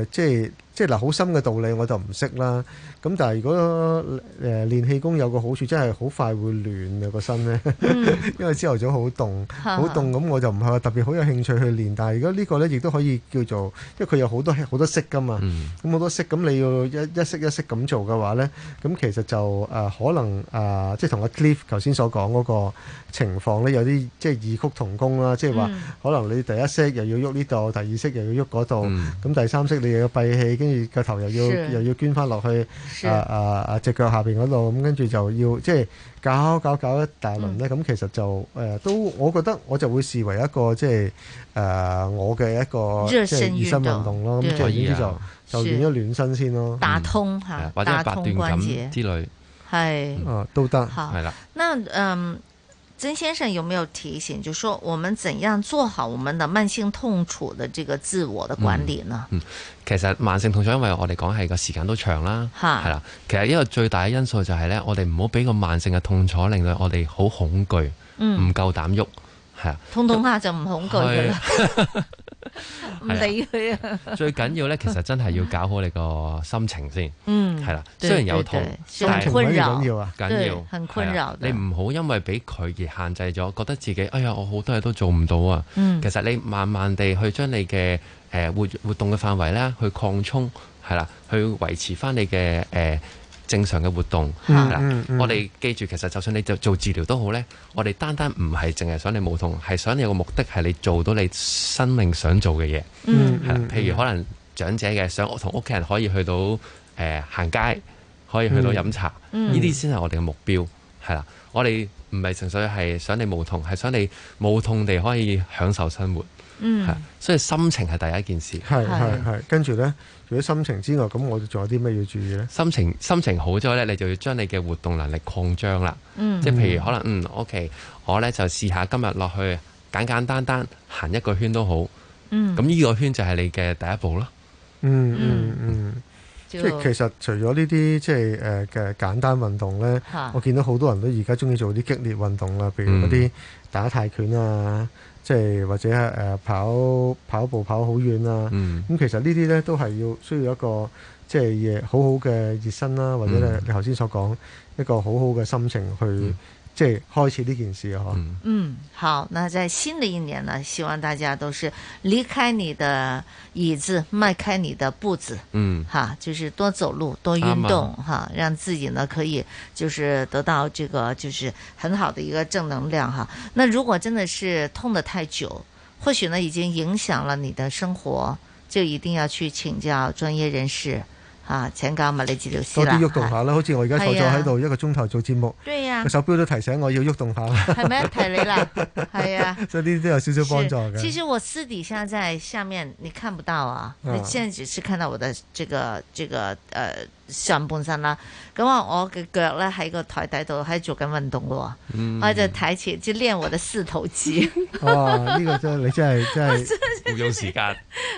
誒誒即係。即係嗱，好深嘅道理我就唔識啦。咁但係如果誒練氣功有個好處真係好快會暖個個身咧，嗯、 <laughs> 因為朝頭早好凍好凍咁我就唔係話特別好有興趣去練，但係如果呢個咧，亦都可以叫做，因為佢有好多好多式㗎嘛。咁好、嗯、多式，咁你要一一式一式咁做嘅話咧，咁其實就誒、呃、可能誒、呃、即係同阿 Cliff 頭先所講個情況咧，有啲即係異曲同工啦。即係話、嗯、可能你第一式又要喐呢度，第二式又要喐嗰度，咁、嗯、第三式你又要閉氣。跟住個頭又要又要捐翻落去，啊啊啊隻腳下邊嗰度，咁跟住就要即係搞搞搞一大輪咧。咁、嗯、其實就誒都、呃，我覺得我就會視為一個即係誒、呃、我嘅一個即係熱身運動咯。咁即係點知就、啊、就練一暖身先咯，打通嚇或者八段錦之類，係哦、啊、都得係啦。那嗯。Um, 曾先生有沒有提醒，就說我們怎樣做好我們的慢性痛楚的這個自我的管理呢？嗯，嗯，其實慢性痛楚因為我哋講係個時間都長啦，係啦，其實一個最大嘅因素就係咧，我哋唔好俾個慢性嘅痛楚令到我哋好恐懼，唔夠膽喐，係啊，痛痛下就唔恐懼啦。 <laughs> 唔 <laughs> 理佢啊，啊，啊！最緊要咧，其實真係要搞好你個心情先。嗯，係啦，雖然有痛，嗯、對對對，困擾，但係最緊要啊，緊要，很困擾的、啊、你。你唔好因為俾佢而限制咗，覺得自己哎呀，我好多嘢都做唔到啊。嗯、其實你慢慢地去將你嘅誒活活動嘅範圍咧去擴充，係啦、啊，去維持翻你嘅誒。呃正常嘅活動，mm-hmm. 我哋記住，其實就算你就做治療都好呢，我哋單單唔係淨係想你無痛，係想你有個目的係你做到你生命想做嘅嘢。係啦，mm-hmm. 譬如可能長者嘅想同屋企人可以去到，呃、行街，可以去到飲茶，呢啲先係我哋嘅目標。係啦，我哋唔係純粹係想你無痛，係想你無痛地可以享受生活。嗯，係，所以心情係第一件事，係係係，跟住咧，除咗心情之外，咁我哋仲有啲咩要注意咧？心情心情好咗後咧，你就要將你嘅活動能力擴張啦，嗯、即係譬如可能嗯，O、okay, K，我咧就試下今日落去簡簡單單行一個圈都好，嗯，咁呢個圈就係你嘅第一步囉、嗯，嗯嗯嗯，即係、嗯嗯、就其實除咗呢啲即係誒嘅簡單運動咧，的我見到好多人都而家中意做啲激烈運動啦，譬如嗰啲打泰拳啊。即係或者係誒跑跑步跑好遠啊！咁、嗯、其實呢啲咧都係要需要一個即係熱好好嘅熱身啦，嗯、或者咧你頭先所講一個好好嘅心情去。即、就、係、是、開始呢件事啊！嗯，好，那在新的一年呢，希望大家都是離開你的椅子，邁開你的步子，嗯，哈，就是多走路，多運動，嗯、哈，讓自己呢可以就是得到這個就是很好的一個正能量哈。那如果真的是痛得太久，或許呢已經影響了你的生活，就一定要去請教專業人士。啊，請教物理治療師啦，多啲喐動，動下啦、啊，好似我而家坐咗喺度一個鐘頭做節目，對啊，個手表都提醒我要喐動，動下啦，係咪提你啦，係啊， <laughs> 所以呢啲都有少少幫助嘅。其實我私底下在下面，你看不到啊，啊，你現在只是看到我的這個這個，誒、呃。上半身啦、啊，咁我我嘅腳咧喺個台底度喺做緊運動嘅、啊嗯，我就抬起即係練我的四頭肌。哇！呢、這個真你真係 <laughs> 真係好用時間，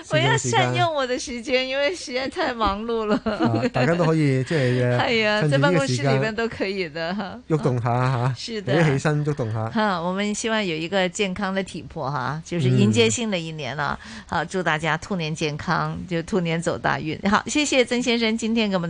我要善用我，我的時間， <laughs> 因為實在太忙碌了、啊。大家都可以即係，係、就是、 <laughs> 啊這，在辦公室裏面都可以的，喐、啊、動一下吓，一起，起身喐動下。哈、啊，我們希望有一個健康的體魄，哈、啊，就是迎接新的一年啦、啊嗯。好，祝大家兔年健康，就兔年走大運。好，謝謝曾先生今天給我們。